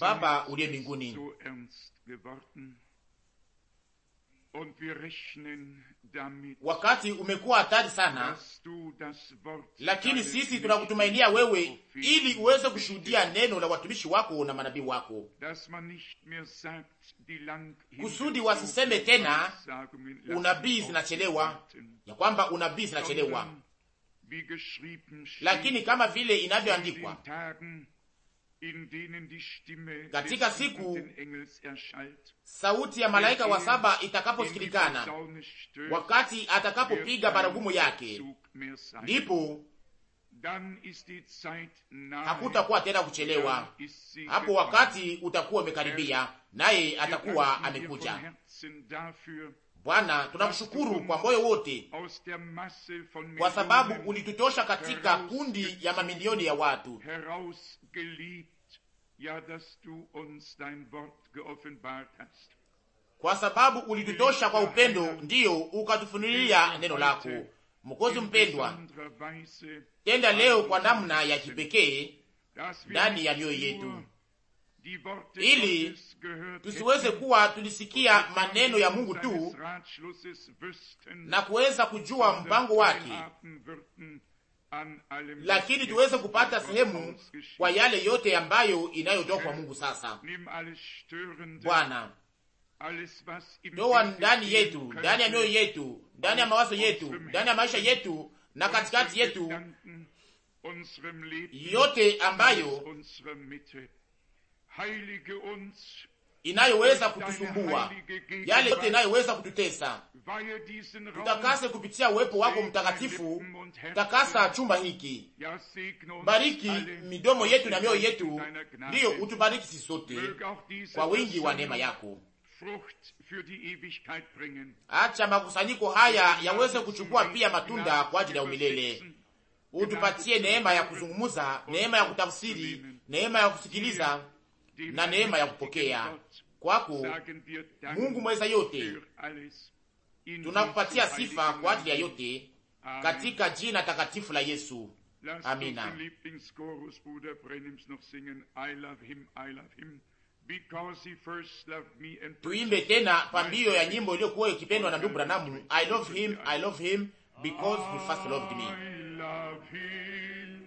Baba uliye mbinguni, wakati umekuwa hatari sana, lakini sisi tunakutumainia wewe, ili uweze kushuhudia neno la watumishi wako na manabii wako, kusudi wasiseme tena unabii zinachelewa, ya kwamba unabii zinachelewa lakini kama vile inavyoandikwa katika siku sauti ya malaika wa saba itakaposikilikana, wakati atakapopiga baragumu yake, ndipo hakutakuwa tena kuchelewa. Er Hapo wakati utakuwa umekaribia, er naye atakuwa amekuja. Bwana, tunamshukuru kwa moyo wote, kwa sababu ulitutosha katika kundi ya mamilioni ya watu kwa sababu ulitutosha kwa upendo, ndiyo ukatufunulia neno lako. Mkozi mpendwa, tenda leo kwa namna ya kipekee ndani ya mioyo yetu, ili tusiweze kuwa tulisikia maneno ya Mungu tu na kuweza kujua mpango wake, lakini tuweze kupata sehemu kwa yale yote ambayo inayotoka kwa Mungu. Sasa Bwana, toa ndani yetu, ndani ya mioyo yetu, ndani ya mawazo yetu, ndani ya maisha yetu na katikati yetu yote ambayo inayoweza kutusumbua, yale yote inayoweza kututesa, tutakase kupitia uwepo wako mtakatifu. Takasa chumba hiki, bariki midomo yetu na mioyo yetu, ndiyo utubariki sisi sote kwa wingi wa neema yako. Acha makusanyiko haya yaweze kuchukua pia matunda kwa ajili ya umilele. Utupatie neema ya kuzungumuza, neema ya kutafsiri, neema ya kusikiliza na neema ya kupokea kwako. Mungu mweza yote, tunakupatia sifa kwa ajili ya yote katika jina takatifu la Yesu. Amina. Tuimbe tena pambio ya nyimbo iliyokuwa ikipendwa na ndugu Branamu, I love him, I love him because he first loved me. I love him,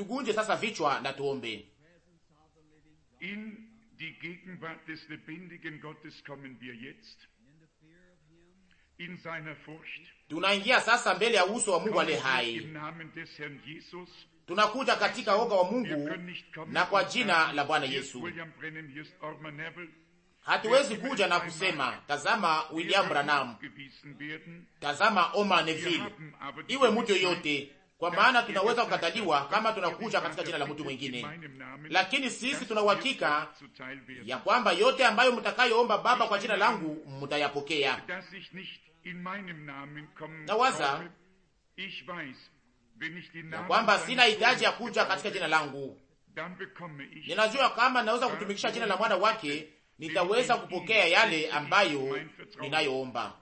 Tugunje sasa vichwa na tuombe. In die Gegenwart des lebendigen Gottes kommen wir jetzt. In seiner Furcht. Tunaingia sasa mbele ya uso wa Mungu aliye hai. Tunakuja katika woga wa Mungu na kwa jina la Bwana Yesu. Hatuwezi kuja na kusema tazama William Branham, tazama Oma Neville, iwe mtu yote kwa maana tunaweza kukataliwa kama tunakuja katika jina la mtu mwingine, lakini sisi tuna uhakika ya kwamba yote ambayo mtakayoomba Baba kwa jina langu mtayapokea. Nawaza ya kwamba sina hitaji ya kuja katika jina langu. Ninajua kama ninaweza kutumikisha jina la mwana wake, nitaweza kupokea yale ambayo ninayoomba,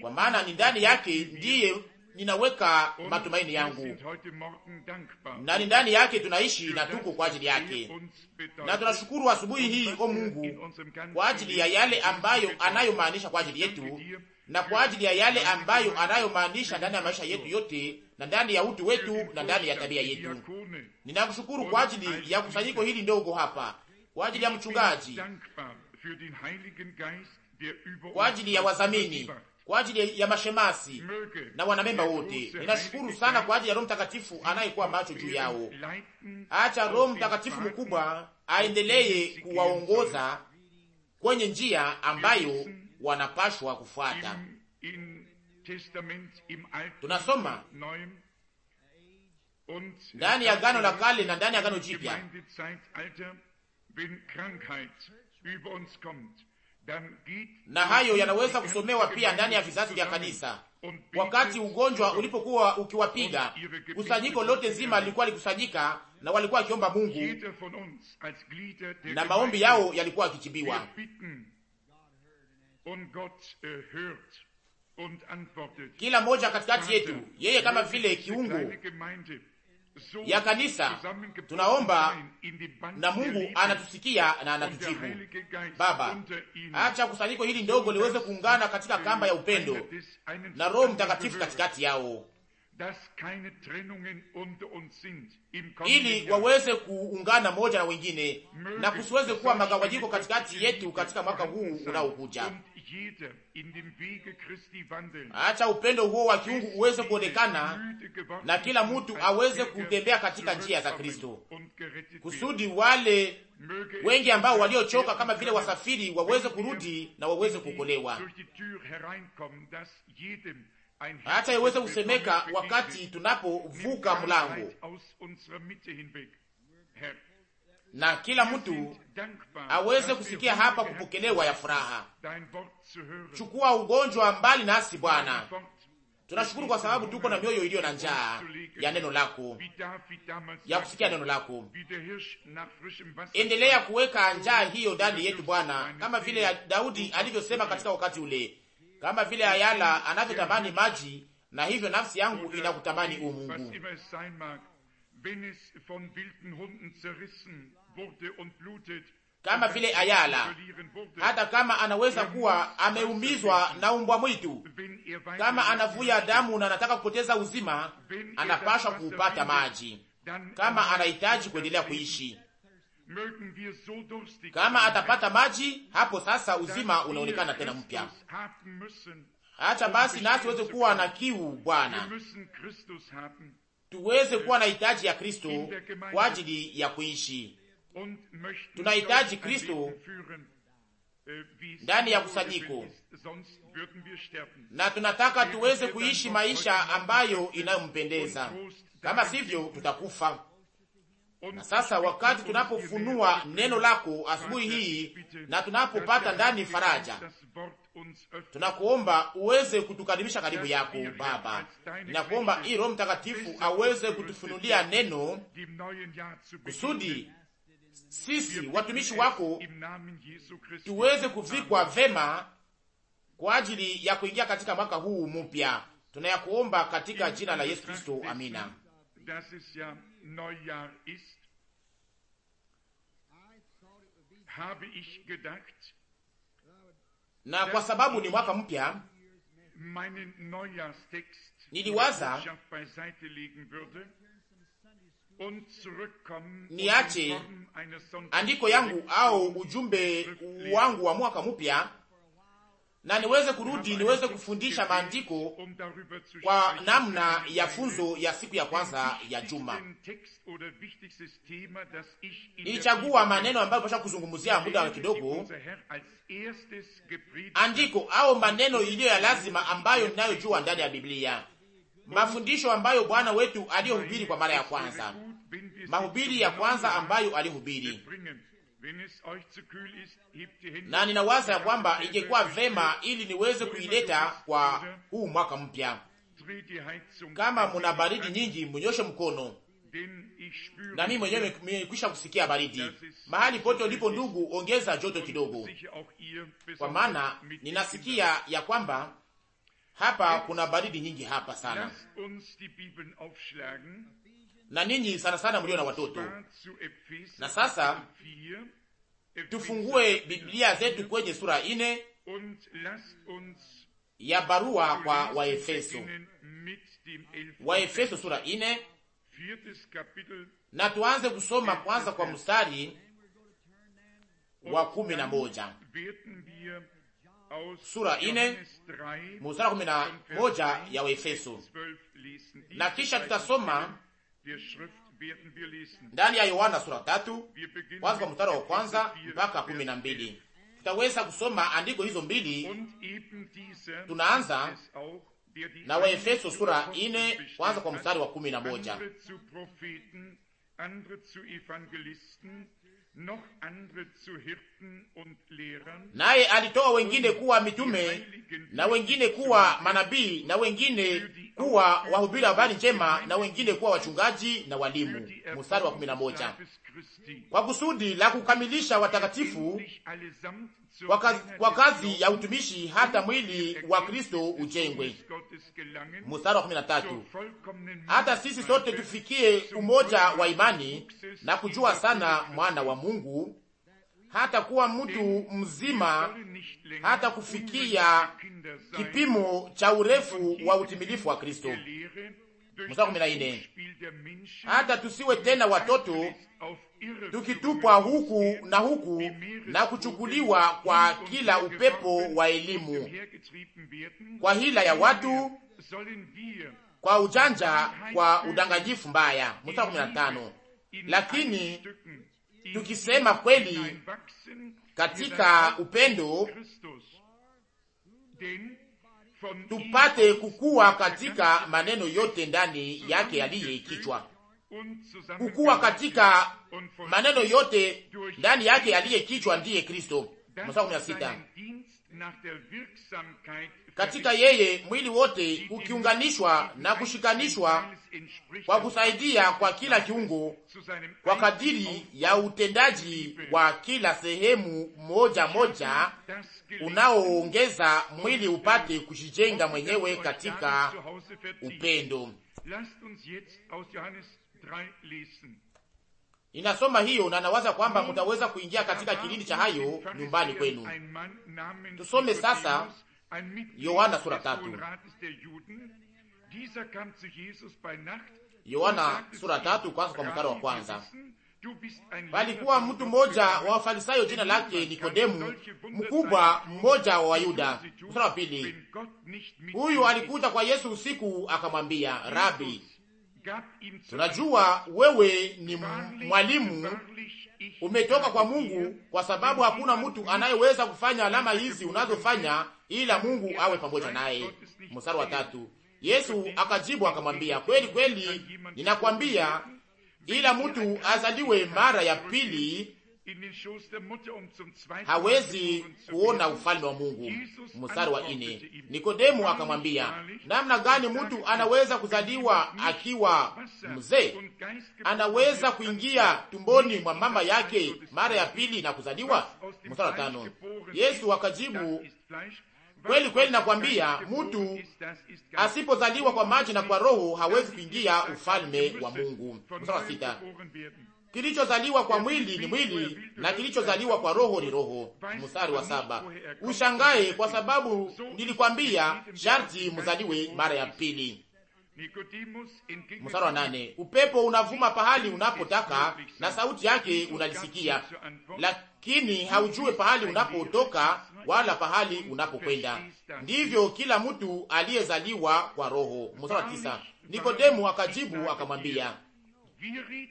kwa maana ni ndani yake ndiye ninaweka matumaini yangu, na ni ndani yake tunaishi na tuko kwa ajili yake, na tunashukuru asubuhi hii o Mungu kwa ajili ya yale ambayo anayomaanisha kwa ajili yetu na kwa ajili ya yale ambayo anayomaanisha ndani ya maisha yetu yote na ndani ya utu wetu na ndani ya tabia yetu. Ninakushukuru kwa ajili ya kusanyiko hili ndogo hapa, kwa ajili ya mchungaji, kwa ajili ya wazamini kwa ajili ya mashemasi na wanamemba wote. Ninashukuru sana kwa ajili ya Roho Mtakatifu anayekuwa macho juu yao. Acha Roho Mtakatifu mkubwa aendelee kuwaongoza kwenye njia ambayo wanapashwa kufuata. Tunasoma ndani ya Agano la Kale na ndani ya Agano Jipya na hayo yanaweza kusomewa pia ndani ya vizazi vya kanisa. Wakati ugonjwa ulipokuwa ukiwapiga, kusanyiko lote nzima lilikuwa likusanyika na walikuwa wakiomba Mungu na maombi yao yalikuwa yakijibiwa. Uh, Kila mmoja katikati yetu, yeye kama vile kiungu ya kanisa. Tunaomba na Mungu anatusikia na anatujibu. Baba, acha kusanyiko hili ndogo liweze kuungana katika kamba ya upendo na Roho Mtakatifu katikati yao ili waweze kuungana moja na wengine na kusiweze kuwa magawanyiko katikati yetu katika mwaka huu unaokuja. Acha upendo huo wa kiungu uweze kuonekana na kila mtu aweze kutembea katika njia za Kristo, kusudi wale wengi ambao waliochoka kama vile wasafiri waweze kurudi na waweze kuokolewa. Acha iweze kusemeka wakati tunapovuka mlango na kila mtu aweze kusikia hapa kupokelewa ya furaha. Chukua ugonjwa mbali nasi Bwana. Tunashukuru kwa sababu tuko na mioyo iliyo na njaa ya neno lako, ya kusikia neno lako. Endelea kuweka njaa hiyo ndani yetu Bwana, kama vile Daudi alivyosema katika wakati ule, kama vile ayala anavyotamani maji, na hivyo nafsi yangu inakutamani u Mungu kama vile ayala, hata kama anaweza kuwa ameumizwa na umbwa mwitu, kama anavuya damu na anataka kupoteza uzima, anapashwa kuupata maji kama anahitaji kuendelea kuishi. Kama atapata maji, hapo sasa uzima unaonekana tena mpya. Hacha um basi nasi weze kuwa na kiu Bwana, tuweze kuwa na hitaji ya Kristo kwa ajili ya kuishi Tunahitaji Kristo äh, ndani ya kusanyiko na tunataka tuweze kuishi maisha ambayo inayompendeza, kama sivyo tutakufa. Na sasa wakati um tunapofunua neno lako asubuhi hii na tunapopata ndani faraja, tunakuomba uweze kutukaribisha karibu yako Baba. Ninakuomba ili Roho Mtakatifu aweze kutufunulia neno kusudi sisi watumishi wako tuweze kuvikwa vema kwa ajili ya kuingia katika mwaka huu mpya. Tunayakuomba katika jina la Yesu Kristo, amina. Uh, Na kwa sababu ni mwaka mpya, niliwaza Um niache andiko yangu au ujumbe wangu wa mwaka mpya na niweze kurudi niweze kufundisha maandiko um kwa namna ya funzo ya siku ya kwanza ya juma. Nilichagua maneno ambayo pasha kuzungumzia muda kidogo, andiko au maneno iliyo ya lazima ambayo ninayojua ndani ya Biblia, mafundisho ambayo Bwana wetu aliyohubiri kwa mara ya kwanza mahubiri ya kwanza ambayo alihubiri, na ninawaza ya kwamba ingekuwa vema ili niweze kuileta kwa huu mwaka mpya. Kama muna baridi nyingi, mnyoshe mkono, na mimi mwenyewe nimekwisha kusikia baridi. Mahali pote ulipo ndugu, ongeza joto kidogo, kwa maana ninasikia ya kwamba hapa kuna baridi nyingi hapa sana na ninyi sana sana mlio na watoto. Na sasa tufungue Biblia zetu kwenye sura ine ya barua kwa Waefeso, Waefeso sura ine, na tuanze kusoma kwanza kwa mstari wa kumi na moja sura ine mstari wa kumi na moja ya Waefeso, na kisha tutasoma ndani ya Yohana sura tatu kwanza kwa mstari wa kwanza mpaka kumi na mbili tutaweza kusoma andiko hizo mbili. Tunaanza na Waefeso sura ine kwanza kwa mstari wa kumi na moja naye alitoa wengine kuwa mitume na wengine kuwa manabii na wengine kuwa wahubiri habari njema na wengine kuwa wachungaji na walimu. Mstari wa kumi na moja, kwa kusudi la kukamilisha watakatifu kwa kazi, kwa kazi ya utumishi hata mwili wa Kristo ujengwe. Mstari wa 13, hata sisi sote tufikie umoja wa imani na kujua sana mwana wa Mungu, hata kuwa mtu mzima, hata kufikia kipimo cha urefu wa utimilifu wa Kristo hata tusiwe tena watoto tukitupwa huku na huku na kuchukuliwa kwa kila upepo wa elimu, kwa hila ya watu, kwa ujanja, kwa udanganyifu mbaya. Mstari kumi na tano. Lakini tukisema kweli katika upendo tupate kukua katika maneno yote ndani yake yaliye kichwa, kukua katika maneno yote ndani yake yaliye kichwa ndiye Kristo katika yeye mwili wote ukiunganishwa na kushikanishwa kwa kusaidia kwa kila kiungo kwa kadiri ya utendaji wa kila sehemu moja moja, unaoongeza mwili upate kujijenga mwenyewe katika upendo. Inasoma hiyo na nawaza kwamba mutaweza kuingia katika kilindi cha hayo nyumbani kwenu. Tusome sasa Yohana sura tatu. Yohana sura tatu kwanza kwa mstari wa kwanza. Palikuwa mtu mmoja wa Wafarisayo jina lake Nikodemu, mkubwa mmoja wa Wayuda. Mstari wa pili. Huyu alikuja kwa Yesu usiku akamwambia, Rabi, tunajua wewe ni mwalimu umetoka kwa Mungu, kwa sababu hakuna mtu anayeweza kufanya alama hizi unazofanya ila Mungu awe pamoja naye. Mstari wa tatu, Yesu akajibu akamwambia, kweli kweli ninakwambia, ila mtu azaliwe mara ya pili hawezi kuona ufalme wa Mungu. Mstari wa ine, Nikodemu akamwambia, namna gani mtu anaweza kuzaliwa akiwa mzee? Anaweza kuingia tumboni mwa mama yake mara ya pili na kuzaliwa? Mstari wa tano, Yesu akajibu Kweli kweli nakwambia, mtu asipozaliwa kwa maji na kwa roho hawezi kuingia ufalme wa Mungu. Mstari wa sita. Kilichozaliwa kwa mwili ni mwili na kilichozaliwa kwa roho ni roho. Mstari wa saba. Ushangae kwa sababu nilikwambia sharti mzaliwe mara ya pili. Mstari wa nane. Upepo unavuma pahali unapotaka na sauti yake unalisikia. La lakini haujue pahali unapotoka wala pahali unapokwenda. Ndivyo kila mtu aliyezaliwa kwa Roho. Mstari tisa, Nikodemu akajibu akamwambia,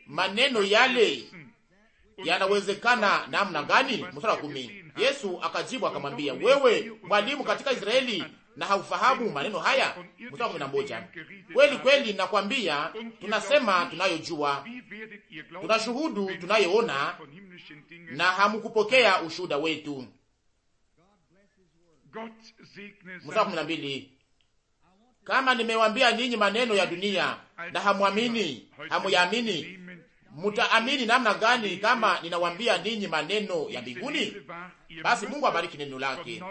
maneno yale yanawezekana namna gani? Mstari wa kumi, Yesu akajibu akamwambia, wewe mwalimu katika Israeli na haufahamu maneno haya? Mstari kumi na moja. Kweli kweli nakwambia, tunasema tunayojua, tunashuhudu tunayoona, na hamukupokea ushuhuda wetu. Mstari kumi na mbili. Kama nimewambia ninyi maneno ya dunia na hamwamini, hamuyaamini mutaamini namna gani kama ninawambia ninyi maneno ya mbinguni? Basi Mungu abariki neno lake.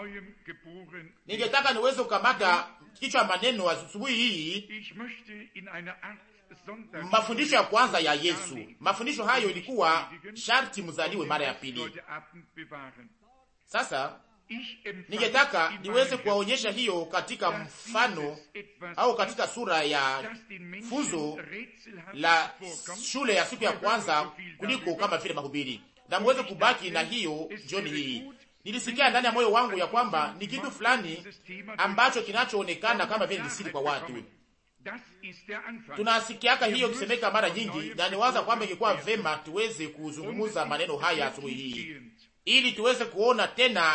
Ningetaka niweze kukamata kichwa maneno asubuhi hii, mafundisho ya kwanza ya Yesu. Mafundisho hayo ilikuwa sharti mzaliwe mara ya pili. Sasa Ningetaka niweze kuwaonyesha hiyo katika mfano au katika sura ya funzo la shule ya siku ya kwanza kuliko kama vile mahubiri, na muweze kubaki na hiyo jioni hii. Nilisikia ndani ya moyo wangu ya kwamba ni kitu fulani ambacho kinachoonekana kama vile nisiri kwa watu. Tunasikiaka hiyo kisemeka mara nyingi, na niwaza kwamba ingekuwa vema tuweze kuzungumuza maneno haya asubuhi hii ili tuweze kuona tena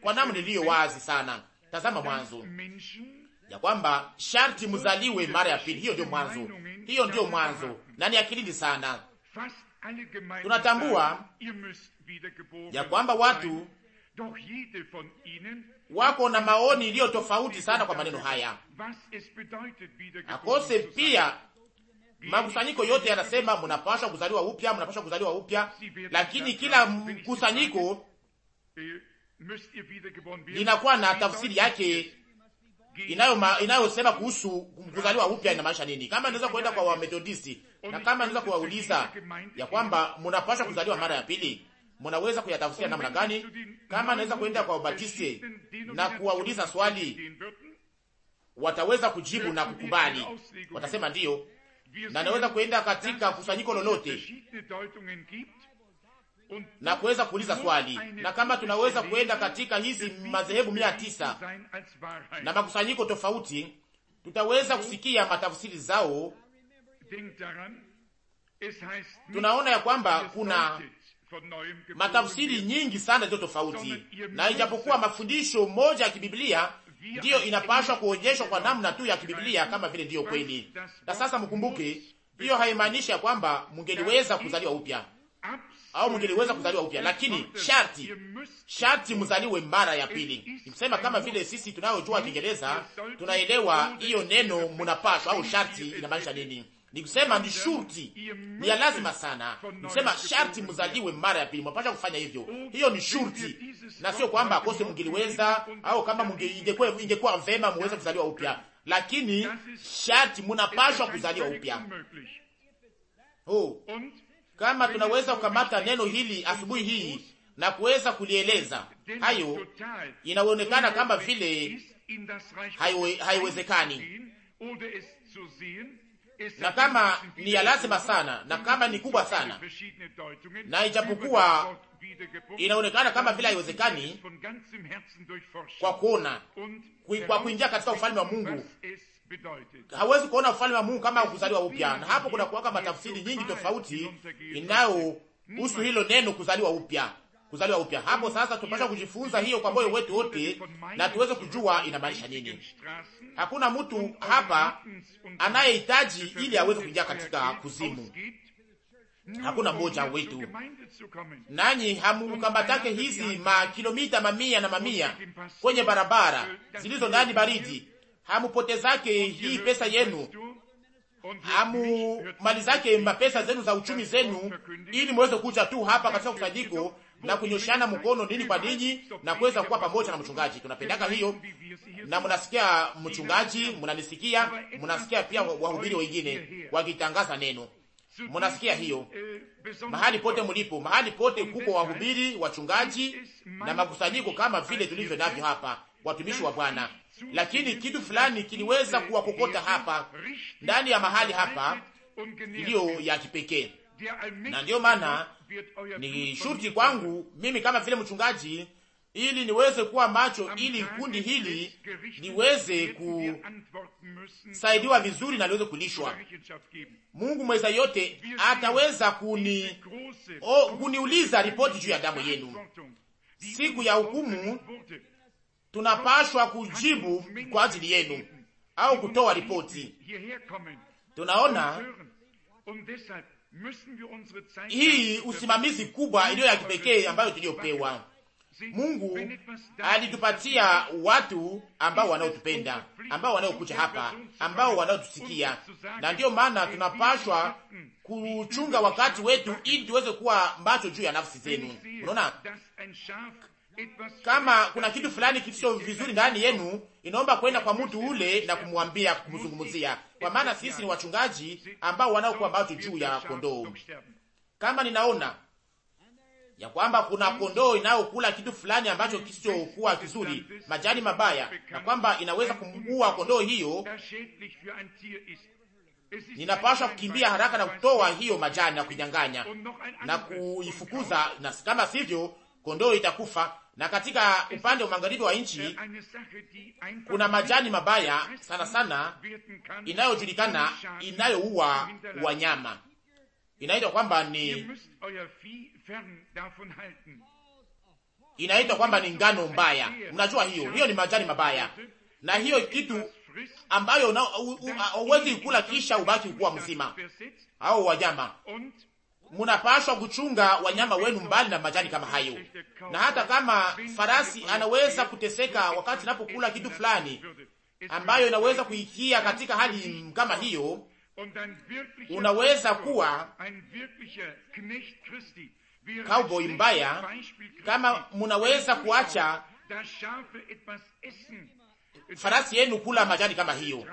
kwa namna iliyo wazi sana. Tazama mwanzo ya kwamba sharti mzaliwe mara ya pili. Hiyo ndio mwanzo, hiyo ndio mwanzo, na ni akilini sana. Tunatambua ya kwamba watu wako na maoni iliyo tofauti sana kwa maneno haya, akose pia makusanyiko yote yanasema mnapaswa kuzaliwa upya, mnapaswa kuzaliwa upya, lakini kila mkusanyiko inakuwa na tafsiri yake inayosema inayo kuhusu kuzaliwa upya ina inamaanisha nini. Kama naweza kuenda kwa Wamethodisti na kama naweza kuwauliza ya kwamba mnapaswa kuzaliwa mara ya pili, mnaweza kuyatafsiria namna gani? Kama naweza kuenda kwa Wabatiste na kuwauliza swali, wataweza kujibu na kukubali, watasema ndiyo na naweza kuenda katika kusanyiko lolote na kuweza kuuliza swali, na kama tunaweza kuenda katika hizi madhehebu mia tisa na makusanyiko tofauti, tutaweza kusikia matafsiri zao. Tunaona ya kwamba kuna matafsiri nyingi sana zilizo tofauti, na ijapokuwa mafundisho moja ya kibiblia ndiyo inapaswa kuonyeshwa kwa namna tu ya kibiblia kama vile ndiyo kweli. Na sasa mkumbuke, hiyo haimaanishi ya kwamba mngeliweza kuzaliwa upya au mungeliweza kuzaliwa upya, lakini sharti sharti mzaliwe mara ya pili. Nimsema kama vile sisi tunayojua Kiingereza tunaelewa hiyo neno munapaswa au sharti inamaanisha nini ni kusema ni shurti, ni ya lazima sana, ni kusema sharti mzaliwe mara ya pili, mwapasha kufanya hivyo. Hiyo ni shurti, na sio kwamba kose mngeliweza au kama mngekuwa, ingekuwa vema muweze kuzaliwa upya, lakini sharti mnapashwa kuzaliwa upya. Oh, kama tunaweza kukamata neno hili asubuhi hii na kuweza kulieleza hayo, inaonekana kama vile haiwezekani hayo na kama ni ya lazima sana na kama ni kubwa sana, na ijapokuwa inaonekana kama vile haiwezekani kwa kuona kwa kuingia katika ufalme wa Mungu, hawezi kuona ufalme wa Mungu kama kuzaliwa upya. Na hapo kuna kuwaka matafsiri nyingi tofauti inayohusu hilo neno kuzaliwa upya kuzaliwa upya. Hapo sasa tupasha kujifunza hiyo kwa moyo wetu wote, na tuweze kujua inamaanisha nini. Hakuna mtu hapa anayehitaji ili aweze kuingia katika kuzimu, hakuna mmoja wetu. Nanyi hamukambatake hizi makilomita mamia na mamia kwenye barabara zilizo ndani baridi, hamupotezake hii pesa yenu hamumalizake mapesa zenu za uchumi zenu, ili muweze kuja tu hapa katika kusanyiko na kunyoshana mkono dini kwa dini na kuweza kuwa pamoja na mchungaji. Tunapendaka hiyo, na mnasikia mchungaji, mnanisikia, mnasikia pia wahubiri wengine wakitangaza neno, mnasikia hiyo mahali pote mlipo, mahali pote kuko wahubiri, wachungaji na makusanyiko kama vile tulivyo navyo hapa, watumishi wa Bwana. Lakini kitu fulani kiliweza kuwakokota hapa ndani ya mahali hapa iliyo ya kipekee, na ndiyo maana ni shurti kwangu mimi kama vile mchungaji, ili niweze kuwa macho, ili kundi hili niweze kusaidiwa um vizuri na niweze kulishwa. Mungu mweza yote ataweza kuni o, kuniuliza ripoti juu ya damu yenu siku ya hukumu. Tunapashwa kujibu kwa ajili yenu au kutoa ripoti. Tunaona um hii usimamizi kubwa iliyo ya kipekee ambayo tuliyopewa. Mungu alitupatia watu ambao wanaotupenda, ambao wanaokuja hapa, ambao wanaotusikia, na ndiyo maana tunapashwa kuchunga wakati wetu ili tuweze kuwa macho juu ya nafsi zenu. Unaona, kama kuna kitu fulani kisicho vizuri ndani yenu, inaomba kwenda kwa mtu ule na kumwambia, kumzungumzia, kwa maana sisi ni wachungaji ambao wanaokuwa watu juu ya kondoo. Kama ninaona ya kwamba kuna kondoo inayokula kitu fulani ambacho kisichokuwa kizuri, majani mabaya, na kwamba inaweza kumuua kondoo hiyo, ninapaswa kukimbia haraka na kutoa hiyo majani na kuinyang'anya na kuifukuza, na kama sivyo kondoo itakufa. Na katika upande wa magharibi wa nchi kuna majani mabaya sana sana inayojulikana inayouwa wanyama, inaitwa kwamba ni inaitwa kwamba ni ngano mbaya. Mnajua hiyo hiyo ni majani mabaya, na hiyo kitu ambayo huwezi kula kisha ubaki kuwa mzima au wanyama munapashwa kuchunga wanyama wenu mbali na majani kama hayo. Na hata kama farasi anaweza kuteseka wakati napokula kitu fulani ambayo inaweza kuikia katika hali kama hiyo, unaweza kuwa cowboy mbaya kama munaweza kuacha farasi yenu kula majani kama hiyo.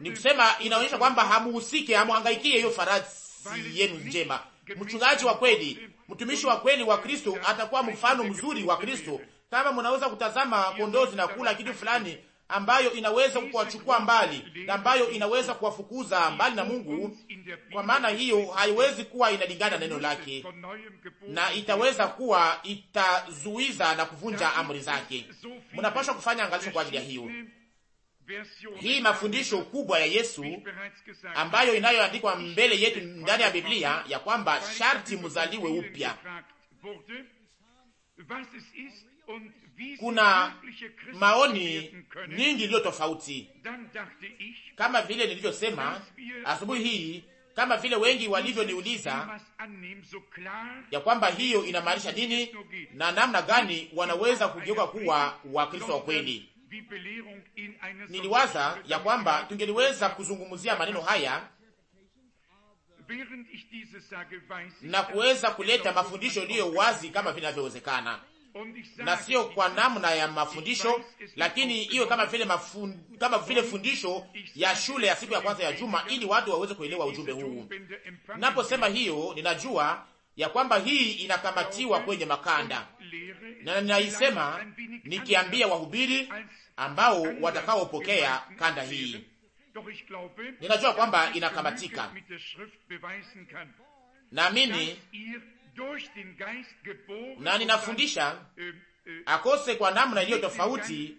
Ni kusema inaonyesha kwamba hamuhusike, hamuhangaikie hiyo farasi yenu njema mchungaji wa kweli, mtumishi wa kweli wa Kristo atakuwa mfano mzuri wa Kristo. Kama mnaweza kutazama kondoo zinakula kitu fulani ambayo inaweza kuwachukua mbali na ambayo inaweza kuwafukuza mbali na Mungu, kwa maana hiyo haiwezi kuwa inalingana neno lake, na itaweza kuwa itazuiza na kuvunja amri zake. Mnapaswa kufanya angalisho kwa ajili ya hiyo hii mafundisho kubwa ya Yesu ambayo inayoandikwa mbele yetu ndani ya Biblia ya kwamba sharti muzaliwe upya. Kuna maoni nyingi iliyo tofauti, kama vile nilivyosema asubuhi hii, kama vile wengi walivyoniuliza ya kwamba hiyo inamaanisha nini na namna gani wanaweza kugeuka kuwa Wakristo wa kweli niliwaza ya kwamba tungeliweza kuzungumzia maneno haya na kuweza kuleta mafundisho iliyo wazi kama vinavyowezekana, na sio kwa namna ya mafundisho, lakini iwe kama vile mafund, kama vile fundisho ya shule ya siku ya kwanza ya juma, ili watu waweze kuelewa ujumbe huu. Naposema hiyo, ninajua ya kwamba hii inakamatiwa kwenye makanda, na ninaisema nikiambia wahubiri ambao watakaopokea kanda hii. Ninajua kwamba inakamatika, naamini na ninafundisha akose kwa namna iliyo tofauti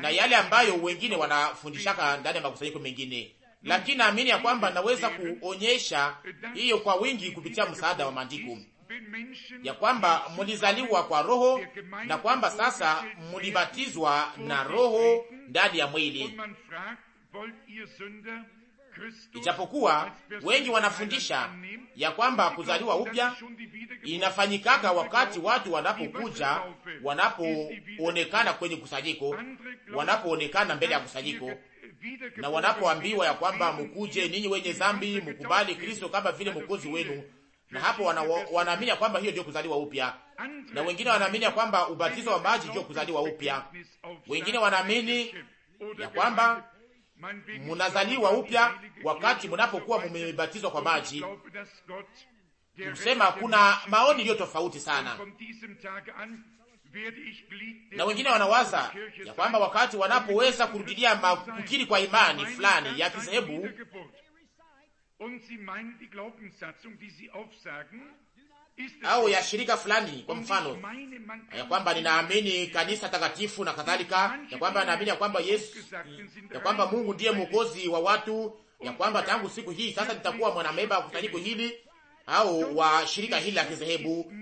na yale ambayo wengine wanafundishaka ndani ya makusanyiko mengine lakini naamini ya kwamba naweza kuonyesha hiyo kwa wingi kupitia msaada wa maandiko ya kwamba mulizaliwa kwa roho na kwamba sasa mulibatizwa na roho ndani ya mwili. Ijapokuwa wengi wanafundisha ya kwamba kuzaliwa upya inafanyikaga wakati watu wanapokuja, wanapoonekana kwenye kusanyiko, wanapoonekana mbele ya kusanyiko na wanapoambiwa ya kwamba mukuje ninyi wenye zambi, mukubali Kristo kama vile mukozi wenu, na hapo wanaamini ya kwamba hiyo ndio kuzaliwa upya, na wengine wanaamini ya kwamba ubatizo wa maji ndio kuzaliwa upya, wengine wanaamini ya kwamba munazaliwa upya wakati munapokuwa mumebatizwa kwa maji. kusema kuna maoni iliyo tofauti sana na wengine wanawaza ya kwamba wakati wanapoweza kurudilia makukiri kwa imani fulani ya kizehebu au ya shirika fulani, kwa mfano ya kwamba ninaamini kanisa takatifu na kadhalika, ya kwamba naamini ya kwamba Yesu, ya kwamba Mungu ndiye mwokozi wa watu, ya kwamba tangu siku hii sasa nitakuwa mwanamemba wa kusanyiko hili au wa shirika hili la kizehebu,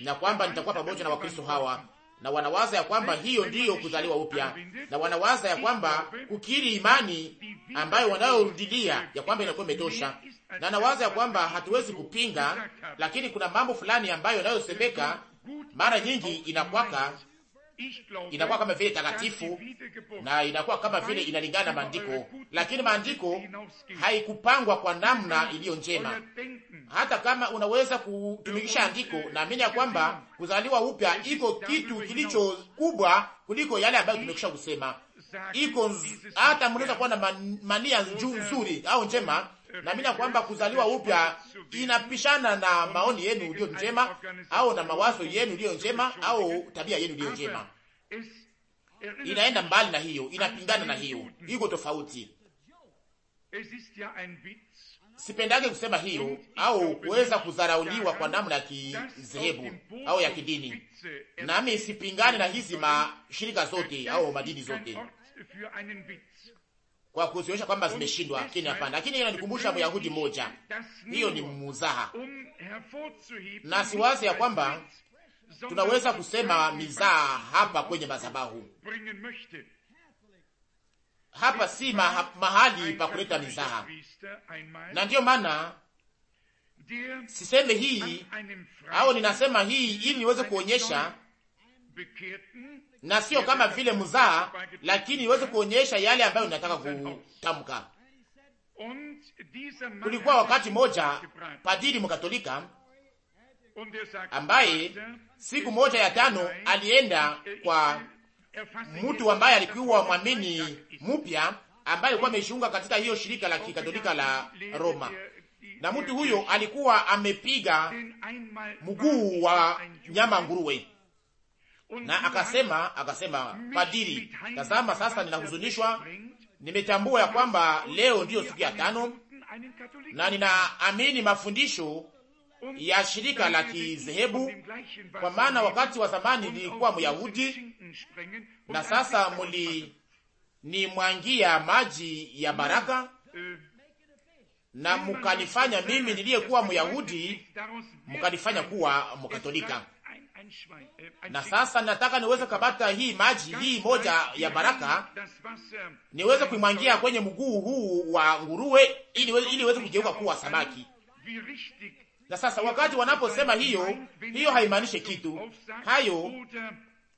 na kwamba nitakuwa pamoja na Wakristo hawa, na wanawaza ya kwamba hiyo ndiyo kuzaliwa upya, na wanawaza ya kwamba kukiri imani ambayo wanayorudilia ya kwamba inakuwa imetosha, na nawaza ya kwamba hatuwezi kupinga, lakini kuna mambo fulani ambayo yanayosemeka mara nyingi inakwaka inakuwa kama vile takatifu na inakuwa kama vile inalingana na maandiko, lakini maandiko haikupangwa kwa namna iliyo njema. Hata kama unaweza kutumikisha andiko, naamini ya kwamba kuzaliwa upya iko kitu kilicho kubwa kuliko yale ambayo tumekwisha kusema. Iko hata mnaweza kuwa na mania juu nzuri au njema Naamini kwamba kuzaliwa upya inapishana na maoni yenu iliyo njema, au na mawazo yenu iliyo njema, au tabia yenu iliyo njema. Inaenda mbali na hiyo, inapingana na hiyo, iko tofauti. Sipendage kusema hiyo au kuweza kudharauliwa kwa namna ya kizehebu au ya kidini, nami sipingane na hizi mashirika zote au madini zote kwa kuzionyesha kwamba zimeshindwa, lakini hapana. Lakini inanikumbusha Myahudi mmoja, hiyo ni muzaha, um na siwazi ya kwamba tunaweza kusema mizaa hapa kwenye madhabahu. Hapa si maha, mahali pa kuleta mizaha, na ndiyo maana siseme hii au ninasema hii ili niweze kuonyesha na sio kama vile mzaa, lakini iweze kuonyesha yale ambayo nataka kutamka. Kulikuwa wakati moja padiri Mkatolika ambaye siku moja ya tano alienda kwa mtu ambaye alikuwa mwamini mpya ambaye alikuwa ameshiunga katika hiyo shirika la kikatolika la Roma, na mtu huyo alikuwa amepiga mguu wa nyama nguruwe na akasema, akasema padiri, tazama sasa ninahuzunishwa, nimetambua ya kwamba leo ndiyo siku ya tano, na ninaamini mafundisho ya shirika la kizehebu kwa maana wakati wa zamani nilikuwa Myahudi na sasa muli nimwangia maji ya baraka na mukanifanya mimi niliyekuwa Myahudi, mukanifanya kuwa Mkatolika. Äh, Na sasa nataka niweze kukapata hii maji hii moja ya baraka, niweze kuimwangia kwenye mguu huu wa nguruwe ili ili iweze kugeuka kuwa samaki. Na sasa wakati wanaposema hiyo, hiyo haimaanishi kitu. Hayo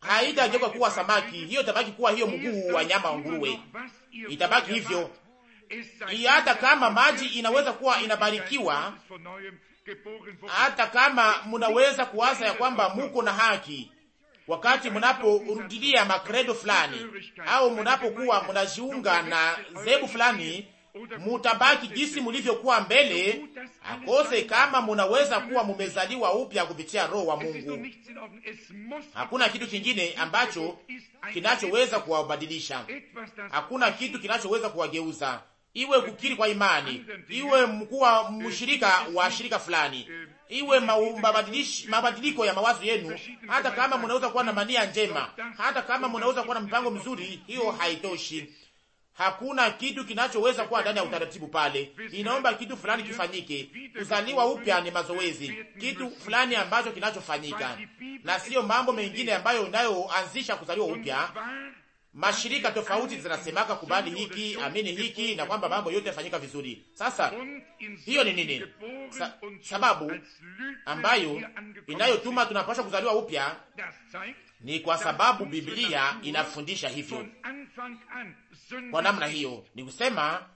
haitageuka kuwa samaki, hiyo itabaki kuwa hiyo mguu wa nyama wa nguruwe, itabaki hivyo hata kama maji inaweza kuwa inabarikiwa hata kama mnaweza kuwaza ya kwamba muko na haki wakati mnaporudilia makredo fulani au mnapokuwa mnajiunga na zebu fulani, mutabaki jinsi mulivyokuwa mbele, akose kama munaweza kuwa mumezaliwa upya kupitia Roho wa Mungu. Hakuna kitu kingine ambacho kinachoweza kuwabadilisha, hakuna kitu kinachoweza kuwageuza iwe kukiri kwa imani, iwe mkuwa mshirika wa shirika fulani, iwe mabadiliko ya mawazo yenu. Hata kama mnaweza kuwa na mania njema, hata kama mnaweza kuwa na mpango mzuri, hiyo haitoshi. Hakuna kitu kinachoweza kuwa ndani ya utaratibu pale. Inaomba kitu fulani kifanyike. Kuzaliwa upya ni mazoezi, kitu fulani ambacho kinachofanyika, na siyo mambo mengine ambayo inayoanzisha kuzaliwa upya, mashirika tofauti zinasemaka kubali hiki, amini hiki, na kwamba mambo yote yafanyika vizuri. Sasa hiyo ni nini? Sa, sababu ambayo inayotuma tunapaswa kuzaliwa upya ni kwa sababu Biblia inafundisha hivyo. Kwa namna hiyo ni kusema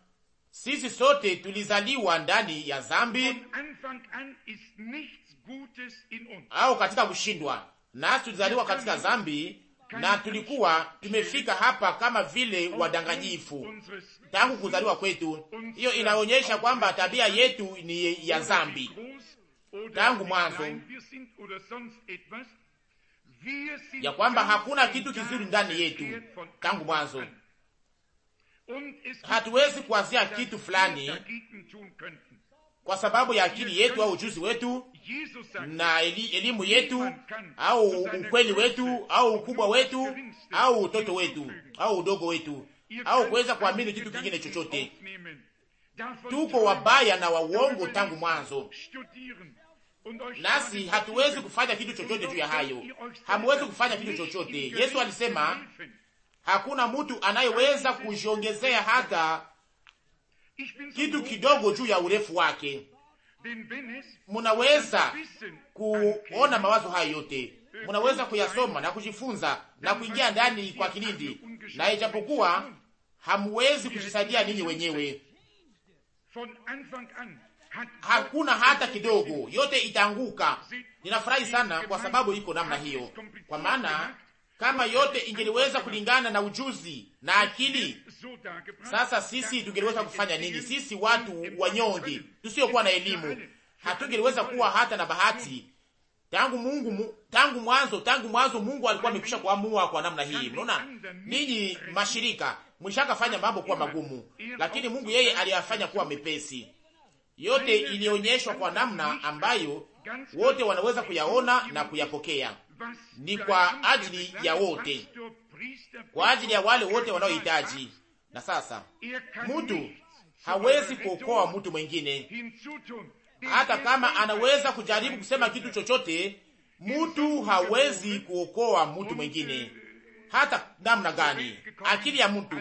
sisi sote tulizaliwa ndani ya zambi au katika kushindwa, nasi tulizaliwa katika zambi na tulikuwa tumefika hapa kama vile wadanganyifu tangu kuzaliwa kwetu. Hiyo inaonyesha kwamba tabia yetu ni ya zambi tangu mwanzo, ya kwamba hakuna kitu kizuri ndani yetu tangu mwanzo. Hatuwezi kuanzia kitu fulani kwa sababu ya akili yetu au ujuzi wetu na elimu yetu au ukweli wetu au ukubwa wetu au utoto wetu au udogo wetu au kuweza kuamini kitu kingine chochote. Tuko wabaya na wauongo tangu mwanzo, nasi hatuwezi kufanya kitu chochote juu ya hayo. Hamuwezi kufanya kitu chochote. Yesu alisema hakuna mtu anayeweza kujiongezea hata kitu kidogo juu ya urefu wake munaweza kuona mawazo hayo yote, munaweza kuyasoma na kujifunza na kuingia ndani kwa kilindi, na ijapokuwa hamuwezi kujisaidia ninyi wenyewe, hakuna hata kidogo, yote itaanguka. Ninafurahi sana kwa sababu iko namna hiyo, kwa maana kama yote ingeliweza kulingana na ujuzi na akili, sasa sisi tungeliweza kufanya nini? Sisi watu wanyonge tusiokuwa na elimu, hatungeliweza kuwa hata na bahati. Tangu Mungu tangu mwanzo tangu mwanzo Mungu alikuwa amekwisha kuamua kwa namna hii. Mnaona, ninyi mashirika mlishakafanya mambo kuwa magumu, lakini Mungu yeye aliyafanya kuwa mepesi. Yote ilionyeshwa kwa namna ambayo wote wanaweza kuyaona na kuyapokea ni kwa ajili ya wote, kwa ajili ya wale wote wanaohitaji. Na sasa mtu hawezi kuokoa mtu mwengine, hata kama anaweza kujaribu kusema kitu chochote. Mtu hawezi kuokoa mtu mwengine hata namna gani, akili ya mtu,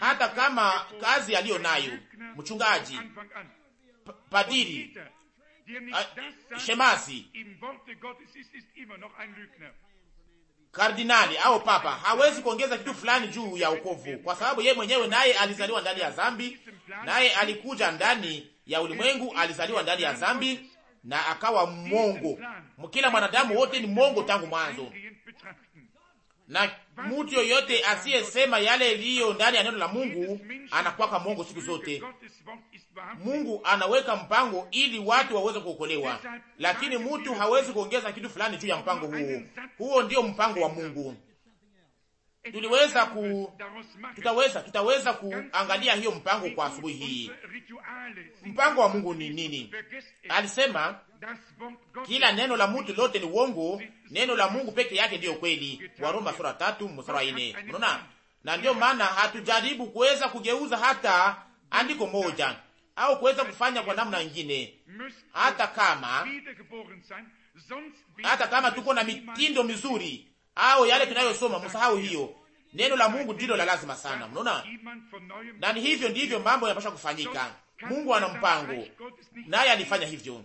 hata kama kazi aliyo nayo mchungaji, padiri, Ah, shemasi, kardinali au papa hawezi kuongeza kitu fulani juu ya ukovu kwa sababu yeye mwenyewe naye alizaliwa ndani ya zambi, naye alikuja ndani ya ulimwengu, alizaliwa ndani ya zambi na akawa mongo. Kila mwanadamu wote ni mongo tangu mwanzo, na mtu yoyote asiyesema yale iliyo ndani ya neno la Mungu anakwaka Mungu siku zote. Mungu anaweka mpango ili watu waweze kuokolewa, lakini mtu hawezi kuongeza kitu fulani juu ya mpango huo. Huo ndio mpango wa Mungu. Tuliweza ku, tutaweza tutaweza kuangalia hiyo mpango kwa asubuhi hii. Mpango wa Mungu ni nini? Alisema kila neno la mtu lote ni uongo, neno la Mungu peke yake ndiyo kweli. Waroma sura tatu mstari wa nne. Unaona, na ndio maana hatujaribu kuweza kugeuza hata andiko moja au kuweza kufanya kwa namna nyingine, hata kama hata kama tuko na mitindo mizuri au yale tunayosoma, msahau hiyo. Neno la Mungu ndilo la lazima sana. Mnaona, na ni hivyo ndivyo mambo yanapaswa kufanyika. Mungu ana mpango naye alifanya hivyo.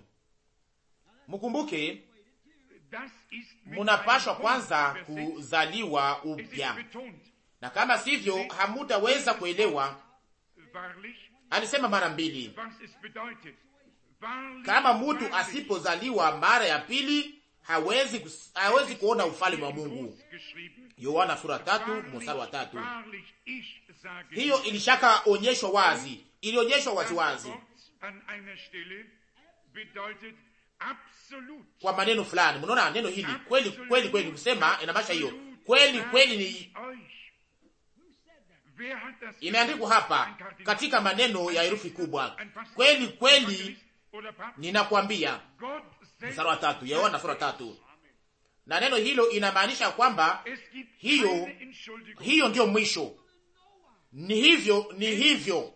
Mkumbuke, munapashwa kwanza kuzaliwa upya, na kama sivyo hamutaweza kuelewa. Alisema mara mbili, kama mutu asipozaliwa mara ya pili hawezi, hawezi kuona ufalme wa Mungu. Yohana sura tatu mstari wa tatu. Hiyo ilishaka onyeshwa wazi, ilionyeshwa waziwazi kwa maneno fulani. Mnaona neno hili kweli kweli kweli, kusema inamaanisha hiyo kweli kweli, ni imeandikwa hapa katika maneno ya herufi kubwa, kweli kweli ninakwambia, mstari wa tatu, Yohana sura tatu. Na neno hilo inamaanisha kwamba hiyo hiyo ndiyo mwisho, ni hivyo ni hivyo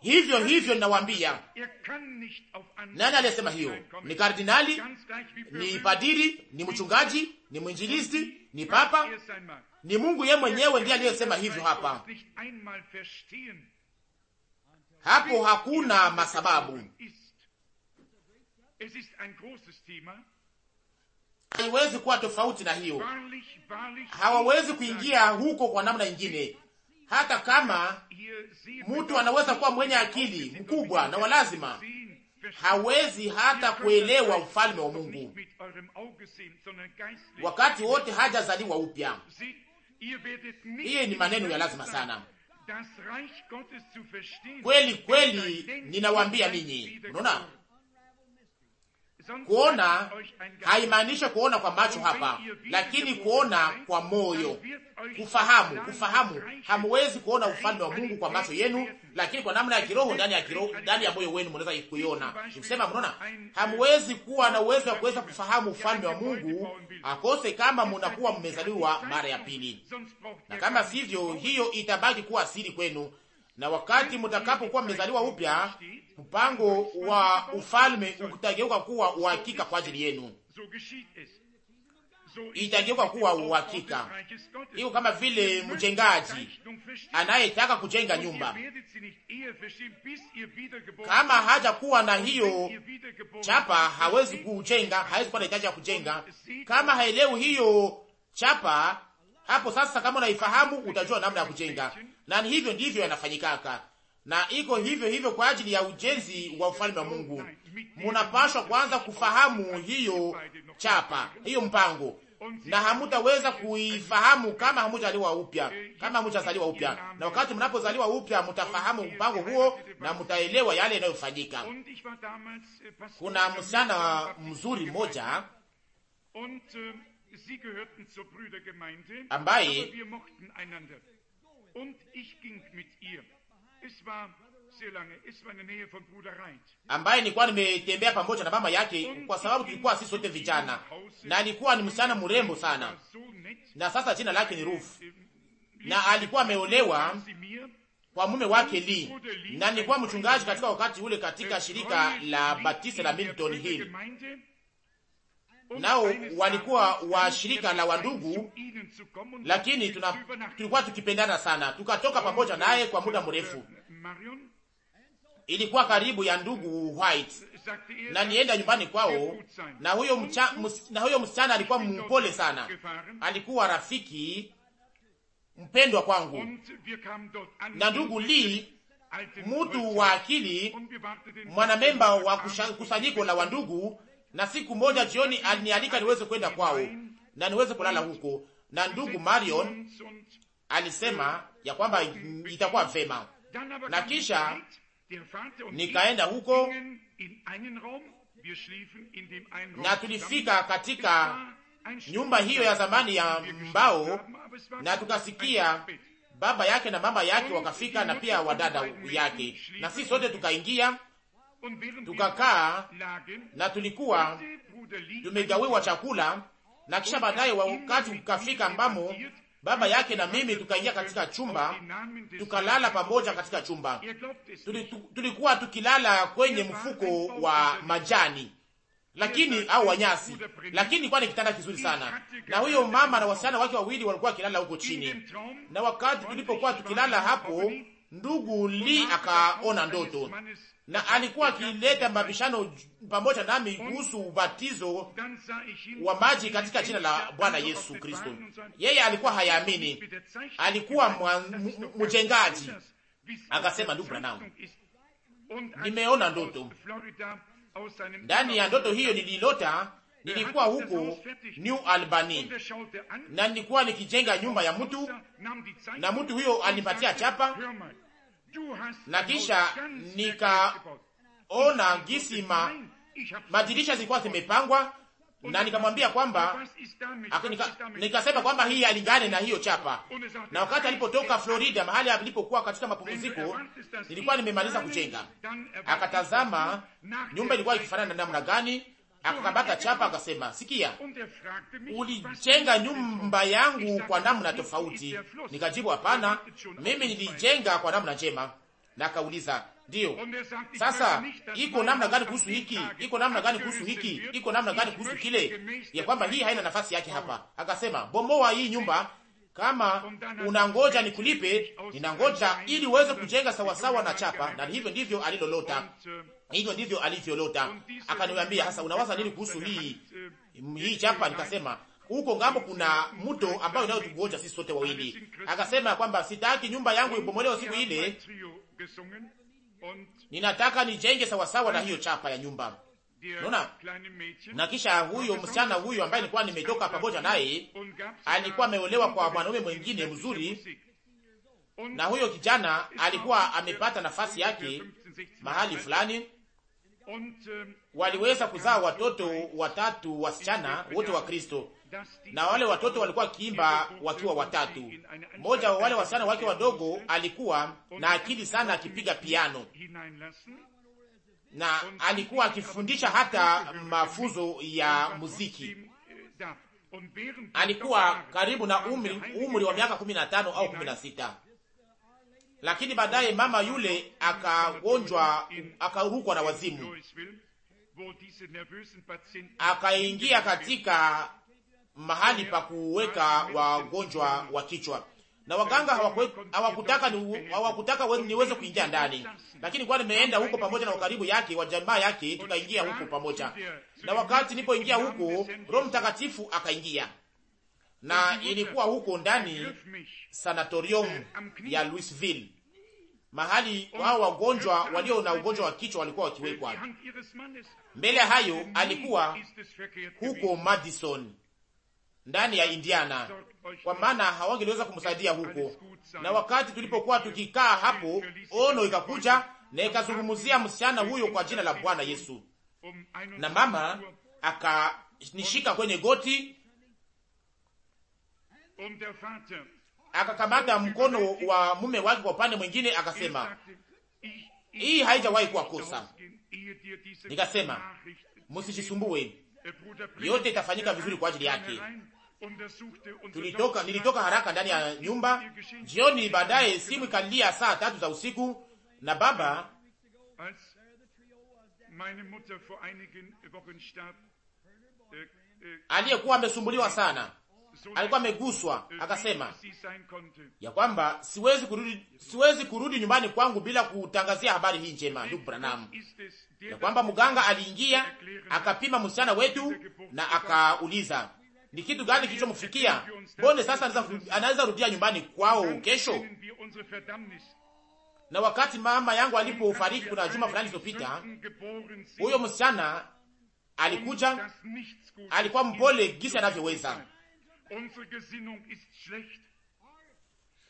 Hivyo hivyo ninawaambia, nani aliyesema hiyo? Ni kardinali, ni padiri, ni mchungaji, ni mwinjilisti, ni papa, ni Mungu ye mwenyewe ndiye aliyesema hivyo. Hapa hapo hakuna masababu, haiwezi kuwa tofauti na hiyo, hawawezi kuingia huko kwa namna ingine hata kama mtu anaweza kuwa mwenye akili mkubwa na walazima hawezi hata kuelewa ufalme wa Mungu wakati wote hajazaliwa upya. Hiyo ni maneno ya lazima sana. Kweli kweli ninawaambia ninyi, unaona Kuona haimaanishi kuona kwa macho hapa, lakini kuona kwa moyo, kufahamu. Kufahamu, hamuwezi kuona ufalme wa Mungu kwa macho yenu, lakini kwa namna ya kiroho, ndani ya kiroho, ndani ya moyo wenu mnaweza kuiona. Nikusema, mnaona, hamuwezi kuwa na uwezo wa kuweza kufahamu ufalme wa Mungu akose kama mnakuwa mmezaliwa mara ya pili, na kama sivyo, hiyo itabaki kuwa siri kwenu na wakati mtakapokuwa mmezaliwa upya, mpango wa ufalme utageuka kuwa uhakika kwa ajili yenu, itageuka kuwa uhakika. Iko kama vile mjengaji anayetaka kujenga nyumba, kama hajakuwa na hiyo chapa hawezi kujenga, hawezi kuwa na hitaji ya kujenga. Kama haelewi hiyo chapa hapo sasa, kama unaifahamu utajua namna ya kujenga na ni hivyo ndivyo yanafanyikaka, na iko hivyo hivyo kwa ajili ya ujenzi wa ufalme wa Mungu. Munapashwa kwanza kufahamu hiyo chapa, hiyo mpango, na hamutaweza kuifahamu kama hamujaliwa upya, kama hamujazaliwa upya. Na wakati mnapozaliwa upya, mtafahamu mpango huo na mtaelewa yale yanayofanyika. Kuna msichana mzuri mmoja äh, ambaye ambaye nilikuwa nimetembea pamoja na mama yake, kwa sababu tulikuwa sisi sote vijana, na alikuwa ni msichana mrembo sana, na sasa jina lake ni Ruth, äh, na alikuwa ameolewa kwa mume wake Lee, na nilikuwa mchungaji katika wakati ule katika shirika la Batista la Milton Hill nao walikuwa washirika na wandugu, lakini tuna, tulikuwa tukipendana sana, tukatoka pamoja naye kwa muda mrefu. Ilikuwa karibu ya ndugu White na nienda nyumbani kwao, na huyo mcha, mus, na huyo msichana alikuwa mpole sana, alikuwa rafiki mpendwa kwangu, na ndugu Lee mtu wa akili, mwanamemba wa kusanyiko la wandugu na siku moja jioni alinialika niweze kwenda kwao na niweze kulala huko, na ndugu Marion alisema ya kwamba itakuwa vema, na kisha nikaenda huko na tulifika katika nyumba hiyo ya zamani ya mbao, na tukasikia baba yake na mama yake wakafika, na pia wadada yake, na sisi sote tukaingia tukakaa na tulikuwa tumegawiwa chakula, na kisha baadaye wakati ukafika ambamo baba yake na mimi tukaingia katika chumba tukalala pamoja katika chumba. Tulikuwa tukilala kwenye mfuko wa majani lakini au wanyasi, lakini ilikuwa ni kitanda kizuri sana. Na huyo mama na wasichana wake wawili walikuwa wakilala huko chini, na wakati tulipokuwa tukilala hapo, ndugu Li akaona ndoto na alikuwa akileta mabishano pamoja nami kuhusu ubatizo wa maji katika jina la Bwana Yesu Kristo. Yeye alikuwa hayaamini, alikuwa mjengaji. Akasema, ndugu Branham, nimeona ndoto. Ndani ya ndoto hiyo nililota, nilikuwa huko New Albany na nilikuwa nikijenga nyumba ya mtu, na mtu huyo alipatia chapa na kisha nikaona gisi ma, madirisha zilikuwa zimepangwa na nikamwambia kwamba nikasema nika kwamba hii alingane na hiyo chapa. Na wakati alipotoka Florida, mahali alipokuwa katika mapumziko, nilikuwa nimemaliza kujenga, akatazama nyumba ilikuwa ikifanana na namna gani, akakabaka chapa akasema, sikia, ulijenga nyumba yangu kwa namna tofauti. Nikajibu, hapana, mimi nilijenga kwa namna njema. Na akauliza ndiyo, er sasa iko namna gani kuhusu hiki? Iko namna gani kuhusu hiki? Iko namna gani kuhusu kile? Ya kwamba hii haina nafasi yake hapa. Akasema, bomoa hii nyumba kama unangoja er nikulipe, ninangoja ili uweze kujenga sawasawa na chapa. Na hivyo ndivyo alilolota. Äh, Hivyo ndivyo alivyolota. Akaniambia, sasa unawaza nini kuhusu hii hii chapa? Nikasema huko ngambo kuna mto ambao nao tukuoja sisi sote wawili. Akasema kwamba sitaki nyumba yangu ibomolewe siku ile, ninataka nijenge sawasawa na hiyo chapa ya nyumba. Nona, Na kisha huyo msichana huyo ambaye nilikuwa nimetoka pamoja naye alikuwa ameolewa kwa mwanaume mwingine mzuri, na huyo kijana alikuwa amepata nafasi yake mahali fulani waliweza kuzaa watoto watatu wasichana wote wa Kristo, na wale watoto walikuwa wakiimba wakiwa watatu. Mmoja wa wale wasichana wake wadogo alikuwa na akili sana, akipiga piano na alikuwa akifundisha hata mafunzo ya muziki. Alikuwa karibu na umri, umri wa miaka kumi na tano au kumi na sita lakini baadaye mama yule akagonjwa, akarukwa na wazimu, akaingia katika mahali pa kuweka wagonjwa wa kichwa, na waganga hawakutaka hawakutaka niweze kuingia ndani, lakini kwa nimeenda huko pamoja na wakaribu yake wa jamaa yake, tukaingia huko pamoja. Na wakati nilipoingia huko, Roho Mtakatifu akaingia na ilikuwa huko ndani sanatorium ya Louisville, mahali hao wagonjwa walio na ugonjwa wa kichwa walikuwa wakiwekwa. Mbele hayo alikuwa huko Madison ndani ya Indiana, kwa maana hawangeliweza kumsaidia huko. Na wakati tulipokuwa tukikaa hapo, ono ikakuja na ikazungumzia msichana huyo kwa jina la Bwana Yesu, na mama akanishika kwenye goti akakamata mkono wa mume wake kwa upande mwingine, akasema hii haijawahi kuwa kosa. Nikasema msijisumbue, yote itafanyika vizuri kwa ajili yake. Tulitoka, nilitoka haraka ndani ya nyumba. Jioni baadaye simu ikalia saa tatu za usiku, na baba äh, äh, aliyekuwa amesumbuliwa sana alikuwa ameguswa, akasema ya kwamba siwezi kurudi, siwezi kurudi nyumbani kwangu bila kutangazia habari hii njema. Ndugu Branham, ya kwamba mganga aliingia akapima msichana wetu na akauliza ni kitu gani kilichomfikia, mbone sasa anaweza rudia nyumbani kwao kesho. Na wakati mama yangu alipofariki kuna juma fulani zilizopita, huyo msichana alikuja, alikuwa mpole gisi anavyoweza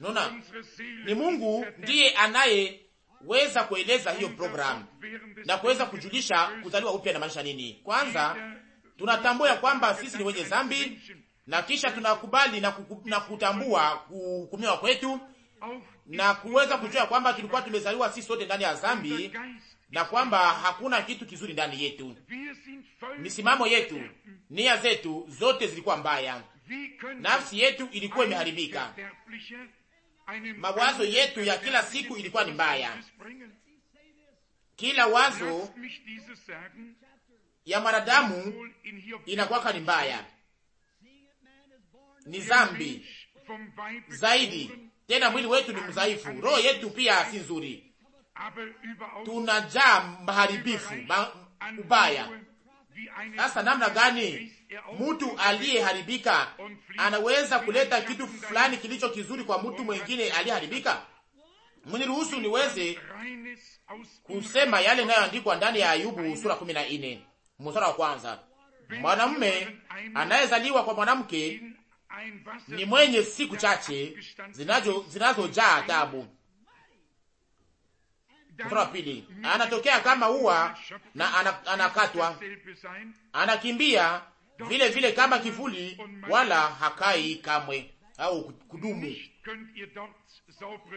Naona ni Mungu ndiye anayeweza kueleza hiyo programu na kuweza kujulisha kuzaliwa upya na maisha nini. Kwanza tunatambua kwamba sisi ni wenye zambi na kisha tunakubali na, kuku, na kutambua kuhukumiwa kwetu na kuweza kujua kwamba tulikuwa tumezaliwa sisi sote ndani ya zambi na kwamba hakuna kitu kizuri ndani yetu. Misimamo yetu, nia zetu zote zilikuwa mbaya. Nafsi yetu ilikuwa imeharibika, mawazo yetu ya kila siku ilikuwa ni mbaya. Kila wazo ya mwanadamu inakwaka ni mbaya, ni zambi zaidi. Tena mwili wetu ni mdhaifu, roho yetu pia si nzuri, tunajaa maharibifu ma ubaya sasa namna gani mtu aliyeharibika anaweza kuleta kitu fulani kilicho kizuri kwa mtu mwengine aliyeharibika? ruhusu niweze kusema yale yanayoandikwa ndani ya Ayubu sura 14 mstari wa kwanza, mwanamume anayezaliwa kwa mwanamke ni mwenye siku chache zinazojaa adabu Mfano wa pili, anatokea kama ua na anakatwa, anakimbia vile vile kama kivuli, wala hakai kamwe au kudumu.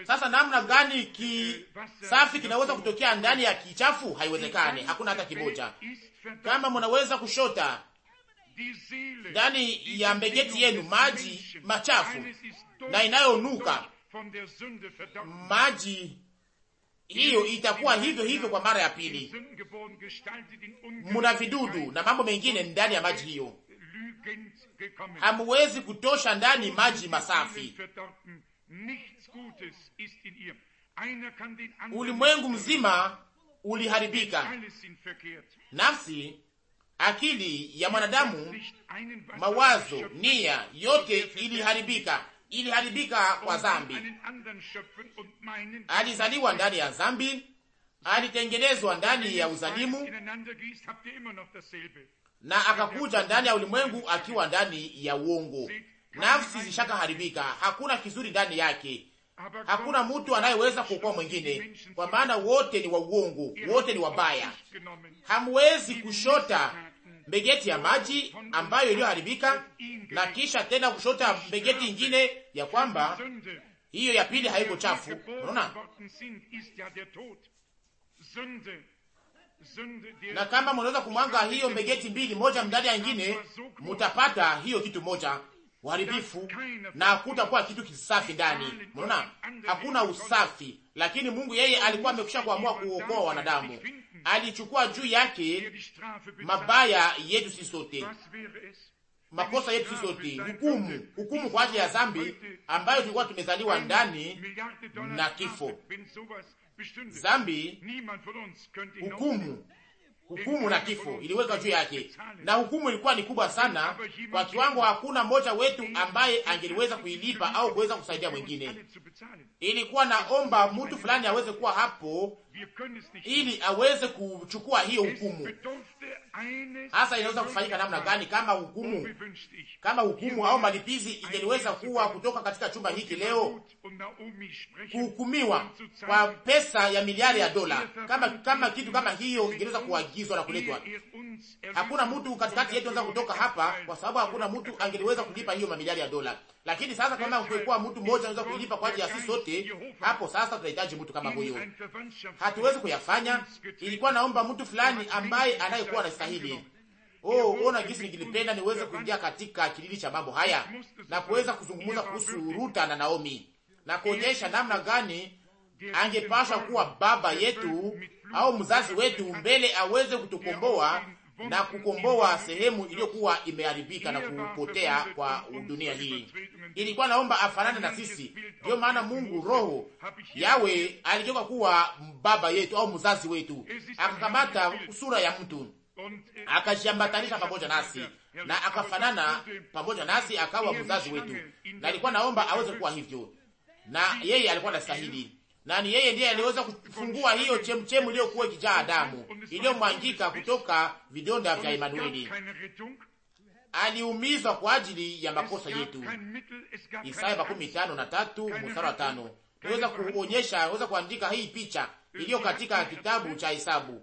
Sasa namna gani kisafi kinaweza kutokea ndani ya kichafu? Haiwezekani, hakuna hata kimoja. Kama mnaweza kushota ndani ya mbegeti yenu maji machafu na inayonuka maji hiyo itakuwa hivyo hivyo kwa mara ya pili. Muna vidudu na mambo mengine ndani ya maji hiyo, hamuwezi kutosha ndani maji masafi. Ulimwengu mzima uliharibika, nafsi, akili ya mwanadamu, mawazo, nia, yote iliharibika iliharibika kwa zambi, alizaliwa ndani ya zambi alitengenezwa ndani ya uzalimu na akakuja ndani ya ulimwengu akiwa ndani ya uongo. Nafsi zishakaharibika, hakuna kizuri ndani yake, hakuna mtu anayeweza kuokoa mwingine, kwa maana wote ni wa uongo, er wote ni wabaya. Hamwezi kushota mbegeti ya maji ambayo iliyoharibika, na kisha tena kushota mbegeti ingine ya kwamba hiyo ya pili haiko chafu. Unaona, na kama mnaweza kumwanga hiyo mbegeti mbili, moja ndani ya ingine, mutapata hiyo kitu moja uharibifu, na hakutakuwa kitu kisafi ndani. Mnaona, hakuna usafi. Lakini Mungu yeye alikuwa amekwisha kuamua kuokoa wanadamu, Mm-hmm. alichukua juu yake mabaya yetu sisi sote, makosa yetu sisi sote, hukumu hukumu kwa ajili ya zambi ambayo tulikuwa tumezaliwa ndani na kifo, zambi, hukumu hukumu na kifo iliweka juu yake, na hukumu ilikuwa ni kubwa sana kwa kiwango, hakuna mmoja wetu ambaye angeliweza kuilipa au kuweza kusaidia mwingine. Ilikuwa naomba mtu fulani aweze kuwa hapo ili aweze kuchukua hiyo hukumu. Hasa inaweza kufanyika namna gani? Kama hukumu kama hukumu au malipizi ingeliweza kuwa kutoka katika chumba hiki leo, um um kuhukumiwa um kwa pesa ya miliari ya dola, kama kama kitu kama hiyo ingeliweza kuagizwa na kuletwa, hakuna mtu katikati yetu anaweza kutoka hapa, kwa sababu hakuna mtu angeliweza kulipa hiyo mamiliari ya dola. Lakini sasa kama ungekuwa mtu mmoja anaweza kulipa kwa ajili ya sisi sote, hapo sasa tunahitaji mtu kama huyo. Hatuwezi kuyafanya. Ilikuwa naomba mtu fulani ambaye anayekuwa anastahili. Oh, ona jinsi ningilipenda niweze kuingia katika kilili cha mambo haya na kuweza kuzungumza kuhusu Ruta na Naomi na kuonyesha namna gani angepasha kuwa baba yetu au mzazi wetu mbele aweze kutukomboa na kukomboa sehemu iliyokuwa imeharibika na kupotea kwa dunia hii. Ilikuwa naomba afanane na sisi. Ndiyo maana Mungu Roho yawe aligeuka kuwa baba yetu au mzazi wetu, akakamata sura ya mtu akajiambatanisha pamoja nasi na akafanana pamoja nasi, akawa mzazi wetu, na alikuwa naomba aweze kuwa hivyo, na yeye alikuwa anastahili na ni yeye ndiye aliweza kufungua hiyo chemchemu iliyokuwa ikijaa damu iliyomwangika kutoka vidonda vya Emanueli. Aliumizwa kwa ajili ya makosa yetu, Isaya makumi tano na tatu mstari wa tano. Niweza kuonyesha, niweza kuandika hii picha iliyo katika kitabu cha Hesabu.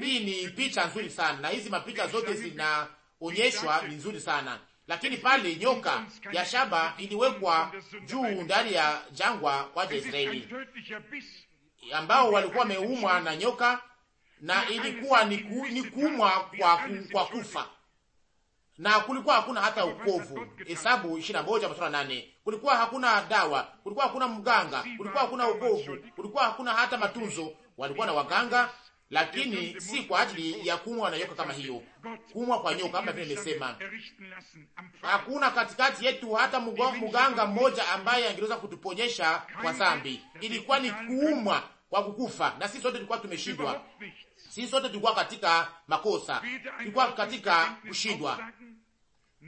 Hii ni picha nzuri sana, na hizi mapicha zote zinaonyeshwa ni nzuri sana lakini pale nyoka ya shaba iliwekwa juu ndani ya jangwa kwa Israeli, ambao walikuwa wameumwa na nyoka, na ilikuwa ni kuumwa kwa, kwa kufa na kulikuwa hakuna hata ukovu. Hesabu 21:8. Kulikuwa hakuna dawa, kulikuwa hakuna mganga, kulikuwa hakuna ukovu, kulikuwa hakuna hata matunzo. Walikuwa na waganga, lakini si kwa ajili ya kumwa na nyoka kama hiyo, kumwa kwa nyoka kama vile nimesema. Hakuna katikati yetu hata mganga mmoja ambaye angeweza kutuponyesha kwa sambi Ilikuwa ni kuumwa kwa kukufa, na sisi sote tulikuwa tumeshindwa, sisi sote tulikuwa katika makosa, tulikuwa katika kushindwa.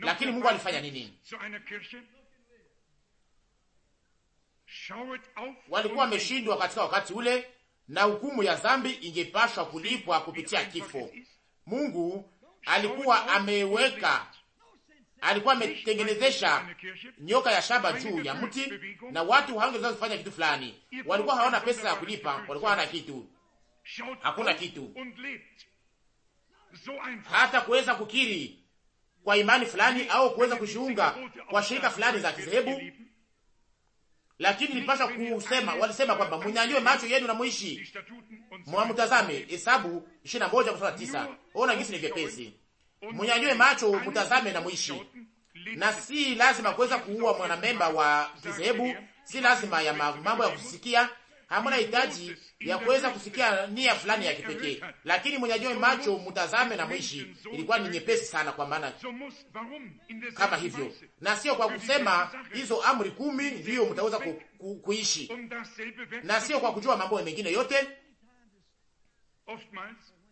Lakini Mungu alifanya nini? Walikuwa wameshindwa katika wakati ule na hukumu ya dhambi ingepashwa kulipwa kupitia kifo. Mungu alikuwa ameweka, alikuwa ametengenezesha nyoka ya shaba juu ya mti, na watu hawangeweza kufanya kitu fulani. Walikuwa hawana pesa ya kulipa, walikuwa hawana kitu, hakuna kitu hata kuweza kukiri kwa imani fulani au kuweza kushiunga kwa shirika fulani za kizehebu lakini nilipasha kusema, walisema kwamba mnyanyue macho yenu na muishi, mwamtazame. Hesabu 21:9. Ona gisi ni vyepesi, mnyanyue macho mtazame na muishi. Na si lazima kuweza kuua mwanamemba wa kizehebu, si lazima ya mambo ya kusikia hamna hitaji ya kuweza kusikia nia fulani ya kipekee, lakini mwenye macho mtazame na mwishi. Ilikuwa ni nyepesi sana, kwa maana kama hivyo, na sio kwa kusema hizo amri kumi ndiyo mtaweza ku, ku, kuishi, na sio kwa kujua mambo mengine yote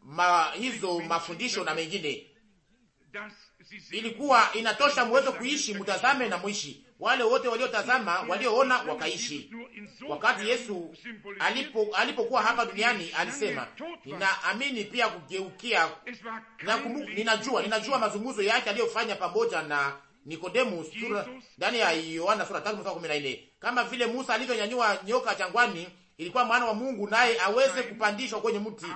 ma, hizo mafundisho na mengine ilikuwa inatosha muweze kuishi, mtazame na mwishi. Wale wote waliotazama, walioona wakaishi. Wakati Yesu alipokuwa alipo hapa duniani alisema, ninaamini pia kugeukia na ninajua ninajua mazungumzo yake aliyofanya pamoja na Nikodemu ndani ya Yohana sura 3 kama vile Musa alivyonyanyua nyoka changwani ilikuwa mwana wa Mungu naye aweze kupandishwa kwenye mti.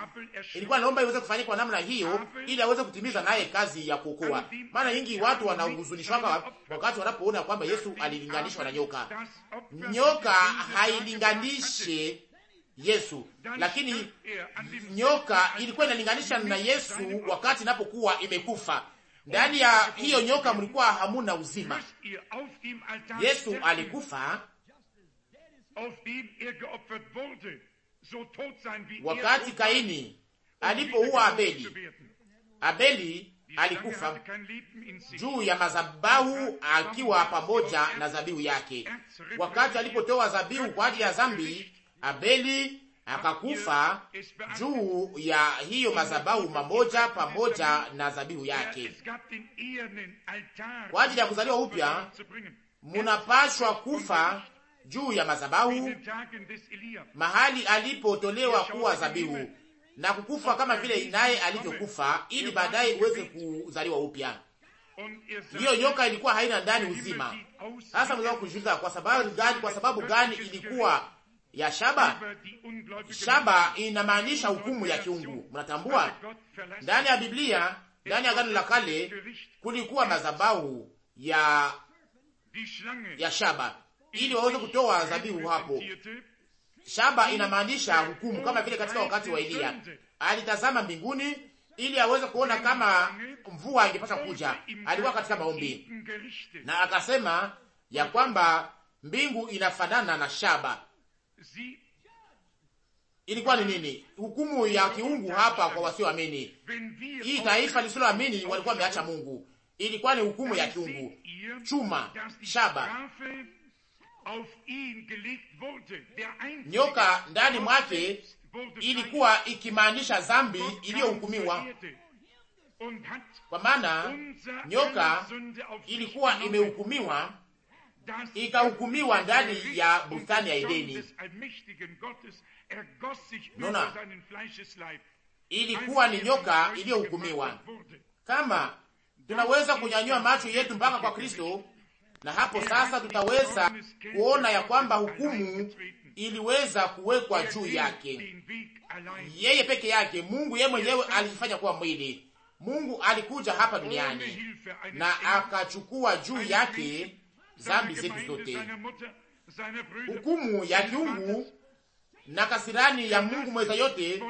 Ilikuwa naomba iweze kufanyika kwa namna hiyo, ili aweze kutimiza naye kazi ya kuokoa. Maana nyingi watu wanahuzunishwa wakati wanapoona kwamba Yesu alilinganishwa na nyoka. Nyoka hailinganishe Yesu, lakini nyoka ilikuwa inalinganisha na Yesu wakati inapokuwa imekufa. Ndani ya hiyo nyoka mlikuwa hamuna uzima. Yesu alikufa Er er wakati Kaini um alipouwa Abeli, Abeli alikufa juu ya mazabahu akiwa pamoja na zabihu yake. Wakati alipotoa zabihu kwa ajili ya zambi, Abeli akakufa juu ya hiyo mazabahu mamoja pamoja na zabihu yake. Er, kwa ajili ya kuzaliwa upya um munapashwa kufa juu ya madhabahu mahali alipotolewa kuwa zabihu na kukufa kama vile naye alivyokufa, ili baadaye uweze kuzaliwa upya. Hiyo nyoka ilikuwa haina ndani uzima. Sasa mnaweza kujiuliza kwa sababu gani? Kwa sababu gani ilikuwa ya shaba? Shaba inamaanisha hukumu ya kiungu. Mnatambua, ndani ya Biblia, ndani ya Agano la Kale kulikuwa madhabahu ya ya shaba ili waweze kutoa zabihu hapo. Shaba inamaanisha hukumu, kama vile katika wakati wa Eliya alitazama mbinguni ili aweze kuona kama mvua ingepasha kuja. Alikuwa katika maombi na akasema ya kwamba mbingu inafanana na shaba. Ilikuwa ni nini? Hukumu ya kiungu hapa kwa wasioamini. Hii taifa lisiloamini walikuwa wameacha Mungu. Ilikuwa ni hukumu ya kiungu, chuma, shaba nyoka ndani mwake ilikuwa ikimaanisha zambi iliyohukumiwa, kwa maana nyoka ilikuwa imehukumiwa, ikahukumiwa ndani ya bustani ya Edeni. Nona ilikuwa ni er nyoka iliyohukumiwa. Kama tunaweza kunyanyua macho yetu mpaka kwa Kristo na hapo sasa tutaweza kuona ya kwamba hukumu iliweza kuwekwa juu yake, yeye peke yake. Mungu yeye mwenyewe alijifanya kuwa mwili. Mungu alikuja hapa duniani na akachukua juu yake zambi zetu zote. Hukumu ya kiungu na kasirani ya Mungu mweza yote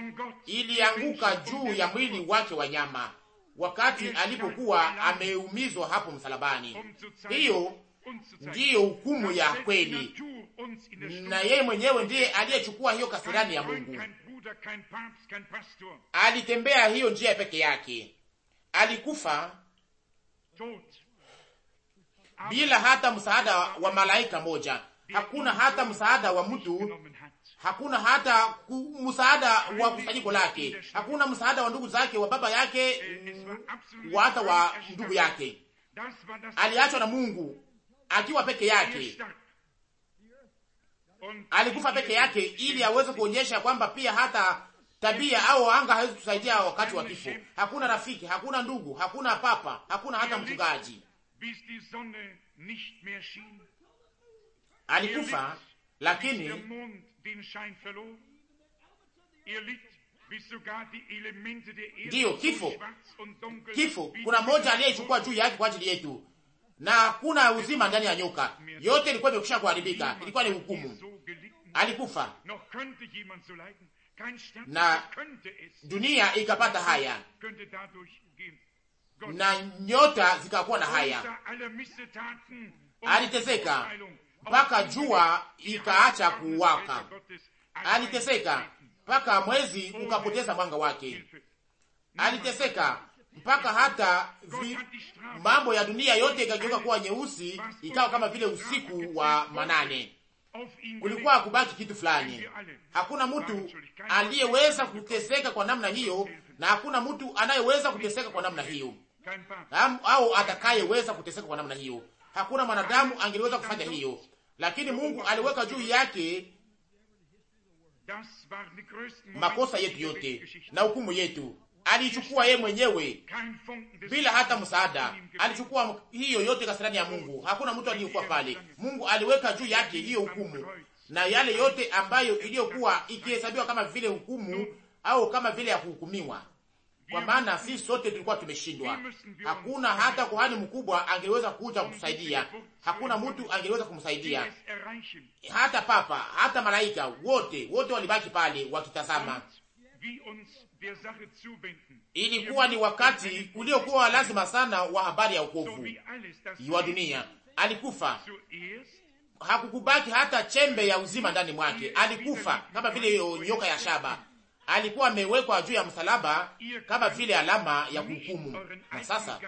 ilianguka juu ya mwili wake wa nyama wakati alipokuwa ameumizwa hapo msalabani. Hiyo ndiyo hukumu ya kweli, na yeye mwenyewe ndiye aliyechukua hiyo kasirani ya Mungu. Alitembea hiyo njia peke yake, alikufa bila hata msaada wa malaika moja, hakuna hata msaada wa mtu hakuna hata msaada wa kusanyiko lake, hakuna msaada wa ndugu zake, wa baba yake, wa hata wa ndugu yake. Aliachwa na Mungu akiwa peke yake, alikufa peke yake, ili aweze kuonyesha kwamba pia hata tabia au anga hawezi kusaidia wakati wa kifo. Hakuna rafiki, hakuna ndugu, hakuna papa, hakuna hata mchungaji. Alikufa lakini ndiyo kifo. Kifo kuna mmoja aliyechukua juu yake kwa ajili yetu, na hakuna uzima ndani ya nyoka. Yote ilikuwa imekwisha kuharibika, ilikuwa ni hukumu, alikufa na dunia ikapata haya na nyota zikakuwa na haya. Aliteseka mpaka jua ikaacha kuwaka. Aliteseka mpaka mwezi ukapoteza mwanga wake. Aliteseka mpaka hata vi, mambo ya dunia yote ikageuka kuwa nyeusi, ikawa kama vile usiku wa manane. Kulikuwa hakubaki kitu fulani. Hakuna mtu aliyeweza kuteseka kwa namna hiyo, na hakuna mtu anayeweza kuteseka kwa namna hiyo au atakayeweza kuteseka kwa namna hiyo. Hakuna mwanadamu angeliweza kufanya hiyo lakini Mungu aliweka juu yake makosa yetu yote na hukumu yetu aliichukua yeye mwenyewe bila hata msaada. Alichukua hiyo yote kasirani ya Mungu, hakuna mtu aliyekuwa pale. Mungu aliweka juu yake hiyo hukumu na yale yote ambayo iliyokuwa ikihesabiwa kama vile hukumu au kama vile ya kuhukumiwa kwa maana sisi sote tulikuwa tumeshindwa. Hakuna hata kuhani mkubwa angeweza kuja kutusaidia, hakuna mtu angeweza kumsaidia, hata papa, hata malaika, wote wote walibaki pale wakitazama. Ilikuwa ni wakati uliokuwa lazima sana wa habari ya ukovu wa dunia. Alikufa, hakukubaki hata chembe ya uzima ndani mwake. Alikufa kama vile nyoka ya shaba alikuwa amewekwa juu ya msalaba kama vile alama ya kuhukumu. Na sasa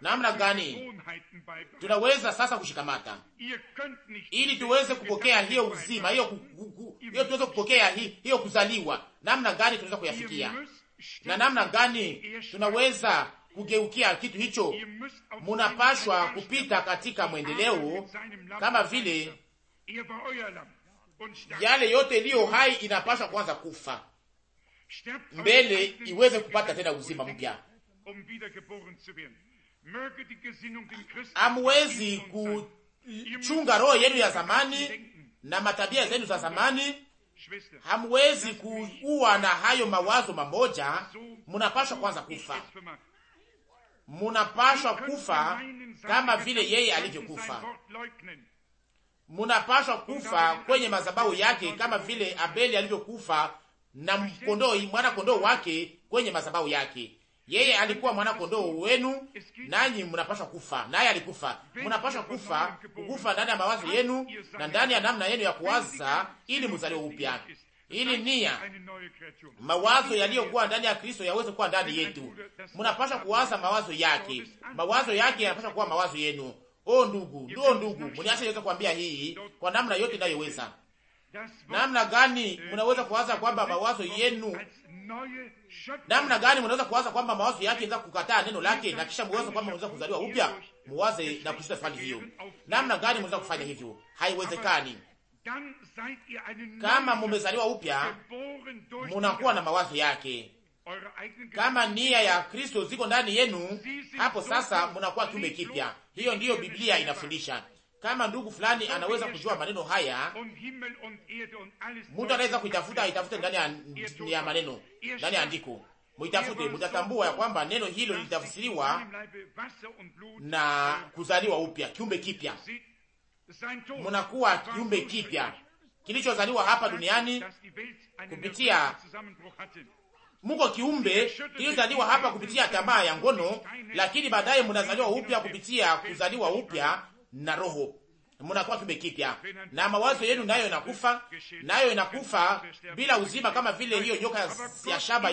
namna gani tunaweza sasa kushikamata ili tuweze kupokea hiyo uzima hiyo, hiyo tuweze kupokea hi, hiyo kuzaliwa? Namna gani tunaweza kuyafikia na namna gani tunaweza kugeukia kitu hicho? Munapashwa kupita katika mwendeleo kama vile yale yote iliyo hai inapaswa kwanza kufa mbele iweze kupata tena uzima mpya. Hamuwezi kuchunga roho yenu ya zamani na matabia zenu za zamani, hamuwezi kuua na hayo mawazo mamoja. Munapashwa kwanza kufa, munapashwa kufa kama vile yeye alivyokufa munapashwa kufa kwenye madhabahu yake kama vile Abeli alivyokufa na kondoo mwana kondoo wake kwenye madhabahu yake. Yeye alikuwa mwana kondoo wenu, nanyi mnapashwa kufa, naye alikufa. Mnapashwa kufa, kukufa ndani ya mawazo yenu na ndani ya namna yenu ya kuwaza, ili muzaliwe upya, ili nia mawazo yaliyokuwa ndani ya Kristo yaweze kuwa ndani yetu. Mnapashwa kuwaza mawazo yake, mawazo yake yanapashwa kuwa mawazo yenu O oh, ndugu, ndio oh, ndugu, mniache niweze kuambia hii kwa namna yote inayoweza. Namna gani mnaweza eh, kuwaza kwamba mawazo yenu, namna gani mnaweza kuwaza kwamba mawazo yake inaweza kukataa neno lake na kisha mwaza kwamba mnaweza kuzaliwa upya? Muwaze na kusikia swali hiyo, namna gani mnaweza kufanya hivyo? Haiwezekani. Kama mumezaliwa upya, munakuwa na mawazo yake kama nia ya Kristo ziko ndani yenu, hapo sasa mnakuwa kiumbe kipya. Hiyo ndiyo Biblia inafundisha. Kama ndugu fulani anaweza kujua maneno haya, mtu anaweza kuitafuta, aitafute ndani ya maneno, ndani ya andiko, muitafute, mutatambua ya kwamba neno hilo litafsiriwa na kuzaliwa upya, kiumbe kipya. Munakuwa kiumbe kipya kilichozaliwa hapa duniani kupitia muko kiumbe kilizaliwa hapa kupitia tamaa ya ngono, lakini baadaye mnazaliwa upya kupitia kuzaliwa upya na Roho, mnakuwa kiumbe kipya, na mawazo yenu nayo inakufa, nayo inakufa bila uzima, kama vile hiyo nyoka ya shaba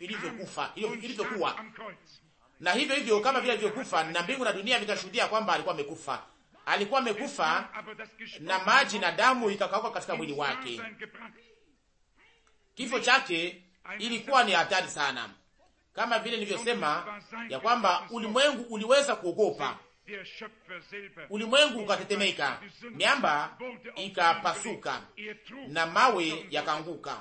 ilivyokufa ilivyokuwa, na hivyo hivyo kama vile ilivyokufa, na mbingu na dunia vitashuhudia kwamba alikuwa amekufa alikuwa amekufa na maji na damu ikakauka katika mwili wake. Kifo chake ilikuwa ni hatari sana, kama vile nilivyosema ya kwamba ulimwengu uliweza kuogopa, ulimwengu ukatetemeka, miamba ikapasuka na mawe yakaanguka,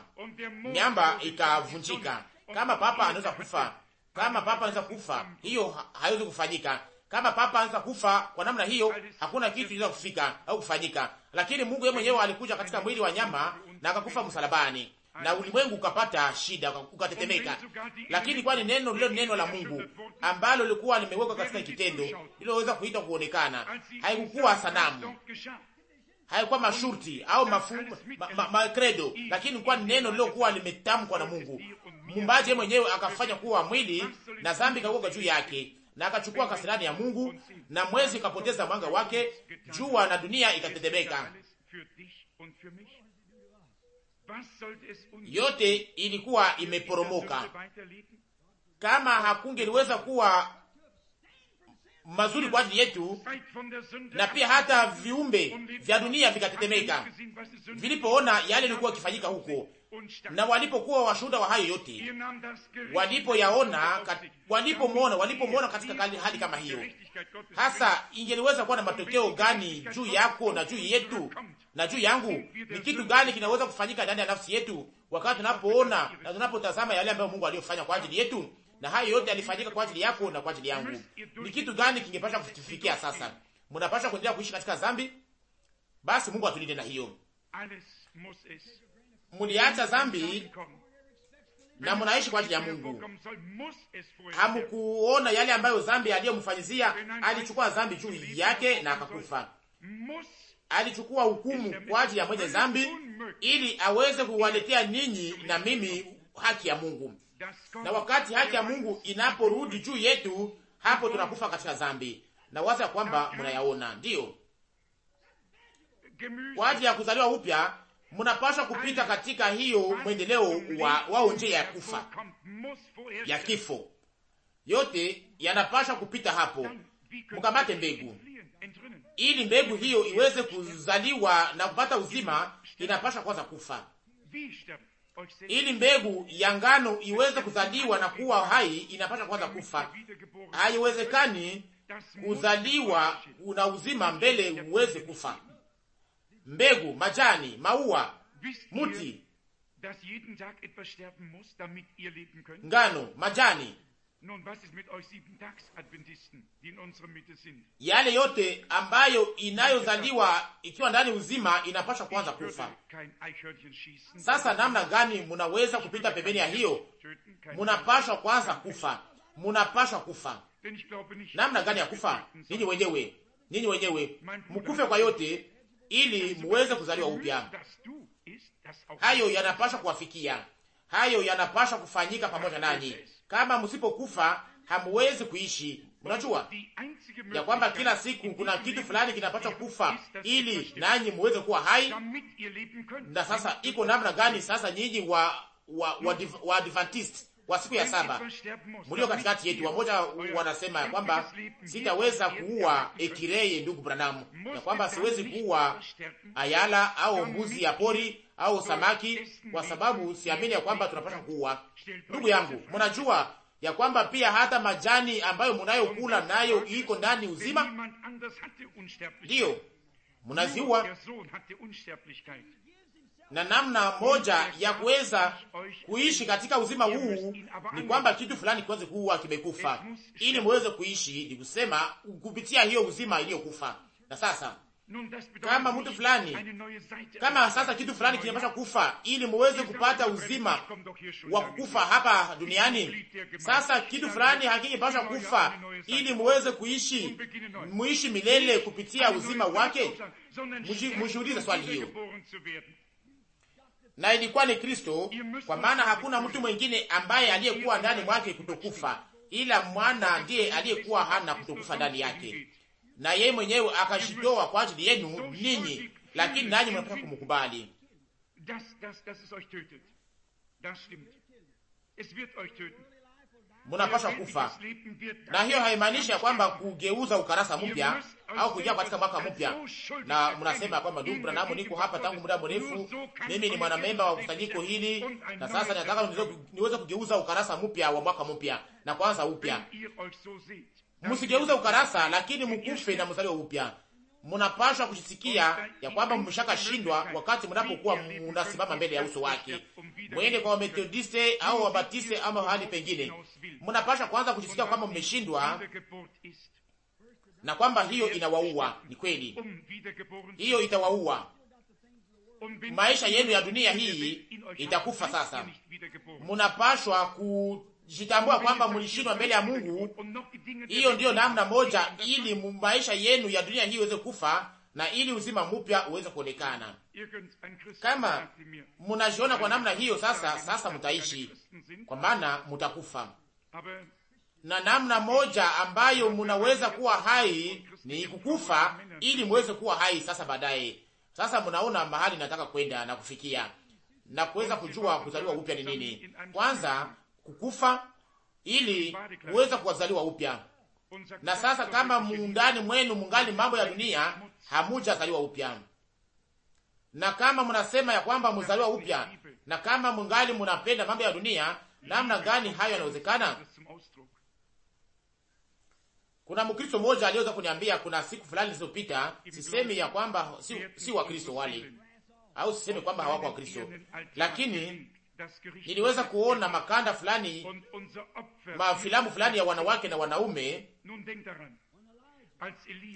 miamba ikavunjika. Kama papa anaweza kufa, kama papa anaweza kufa, hiyo haiwezi kufanyika. Kama papa anaweza kufa kwa namna hiyo, hakuna kitu kinaweza kufika au kufanyika. Lakini Mungu yeye mwenyewe alikuja katika mwili wa nyama na akakufa msalabani na ulimwengu ukapata shida, ukatetemeka. Lakini kwani neno lilo neno la Mungu ambalo lilikuwa limewekwa katika kitendo, liloweza kuita kuonekana, haikukuwa sanamu, haikuwa mashurti au mafu, ma, ma, ma, credo, lakini kwa neno lilokuwa limetamkwa na Mungu mumbaje mwenyewe akafanya kuwa mwili, na dhambi ikakuwa juu yake na akachukua kasirani ya Mungu, na mwezi ukapoteza mwanga wake, jua na dunia ikatetemeka yote ilikuwa imeporomoka. Kama hakungeliweza kuwa mazuri kwa ajili yetu, na pia hata viumbe um vya dunia vikatetemeka vilipoona yale yalikuwa ikifanyika huko na walipokuwa washuhuda wa hayo yote, walipoyaona, walipomwona, walipomwona katika hali kama hiyo, hasa ingeliweza kuwa na matokeo gani juu yako na juu yetu na juu yangu? Ni kitu gani kinaweza kufanyika ndani ya nafsi yetu wakati tunapoona na tunapotazama yale ambayo Mungu aliyofanya kwa ajili yetu, na hayo yote alifanyika kwa ajili yako na kwa ajili yangu. Ni kitu gani kingepasha kutufikia sasa? Mnapasha kuendelea kuishi katika dhambi? Basi Mungu atulinde na hiyo muliacha zambi na munaishi kwa ajili ya Mungu. Hamukuona yale ambayo zambi aliyomfanyizia. Alichukua zambi juu yake na akakufa. Alichukua hukumu kwa ajili ya mwenye zambi, ili aweze kuwaletea ninyi na mimi haki ya Mungu. Na wakati haki ya Mungu inaporudi juu yetu, hapo tunakufa katika zambi, na waza ya kwamba mnayaona, ndiyo kwa ajili ya kuzaliwa upya mnapaswa kupita katika hiyo mwendeleo wa wao njia ya kufa ya kifo, yote yanapaswa kupita hapo. Mkamate mbegu, ili mbegu hiyo iweze kuzaliwa na kupata uzima, inapaswa kwanza kufa. Ili mbegu ya ngano iweze kuzaliwa na kuwa hai, inapaswa kwanza kufa. Haiwezekani kuzaliwa una uzima mbele uweze kufa mbegu, majani, maua, muti, ngano, majani yale yote ambayo inayozaliwa ikiwa ndani uzima inapaswa kwanza kufa. Sasa namna gani munaweza kupita pembeni ya hiyo? Munapashwa kwanza kufa, munapashwa kufa. Namna gani ya kufa? Ninyi wenyewe, ninyi wenyewe mkufe kwa yote ili muweze kuzaliwa upya. Hayo yanapaswa kuwafikia, hayo yanapaswa kufanyika pamoja nanyi. Kama msipokufa hamuwezi kuishi. Unajua ya kwamba kila siku kuna kitu fulani kinapaswa kufa ili nanyi muweze kuwa hai. Na sasa iko namna gani sasa nyinyi wa wa wa, wa, wa Adventist wa siku ya saba mlio katikati yetu. Wamoja wanasema ya kwamba sitaweza kuua ekireye, ndugu Branamu, ya kwamba siwezi kuua ayala au mbuzi ya pori au samaki, kwa sababu siamini ya kwamba tunapaswa kuua. Ndugu yangu, mnajua ya kwamba pia hata majani ambayo mnayokula nayo iko ndani uzima, ndiyo mnaziua na namna moja ya kuweza kuishi katika uzima huu ni kwamba kitu fulani kiweze kuwa kimekufa, ili muweze kuishi, ni kusema kupitia hiyo uzima iliyokufa. Na sasa kama mtu fulani, kama sasa kitu fulani kinapasha kufa ili muweze kupata uzima wa kukufa hapa duniani. Sasa kitu fulani hakingepasha kufa ili muweze kuishi, muishi milele kupitia uzima wake. Mshuhudiza swali hiyo na ilikuwa ni Kristo, kwa maana hakuna mtu mwingine ambaye aliyekuwa ndani mwake kutokufa, ila mwana ndiye aliyekuwa hana kutokufa ndani yake, na yeye mwenyewe akajitoa kwa ajili yenu ninyi, lakini nanyi mnataka kumkubali. Das, das, das munapaswa kufa, na hiyo haimaanishi ya kwamba kugeuza ukarasa mpya au kuingia katika mwaka mpya. Na mnasema kwamba ndugu Branham, niko hapa tangu muda mrefu, mimi ni mwanamemba wa kusanyiko hili, na sasa nataka niweze kugeuza ukarasa mpya wa mwaka mpya na kwanza upya. Msigeuze ukarasa, lakini mkufe na mzaliwe upya munapashwa kujisikia ya kwamba mmeshaka shindwa wakati mnapokuwa munasimama mbele ya uso wake. Mwende kwa Wamethodiste au Wabatiste ama hali pengine, munapashwa kwanza kujisikia kwamba mmeshindwa na kwamba hiyo inawaua. Ni kweli, hiyo itawaua. Maisha yenu ya dunia hii itakufa. Sasa munapashwa ku jitambua kwamba mlishindwa mbele ya Mungu. Hiyo ndiyo namna moja, ili maisha yenu ya dunia hii iweze kufa na ili uzima mpya uweze kuonekana. Kama mnajiona kwa namna hiyo, sasa sasa mtaishi, kwa maana mtakufa. Na namna moja ambayo mnaweza kuwa hai ni kukufa, ili muweze kuwa hai sasa baadaye. Sasa mnaona mahali nataka kwenda na kufikia na kuweza kujua kuzaliwa upya ni nini. Kwanza kukufa ili uweze kuwazaliwa upya. Na sasa kama muundani mwenu mungali mambo ya dunia, hamujazaliwa upya. Na kama mnasema ya kwamba muzaliwa upya, na kama mungali munapenda mambo ya dunia, namna gani hayo yanawezekana? Kuna Mkristo mmoja aliweza kuniambia kuna siku fulani zilizopita, sisemi ya kwamba si, si Kristo wale au sisemi kwamba hawako Kristo, lakini niliweza kuona makanda fulani, mafilamu fulani ya wanawake na wanaume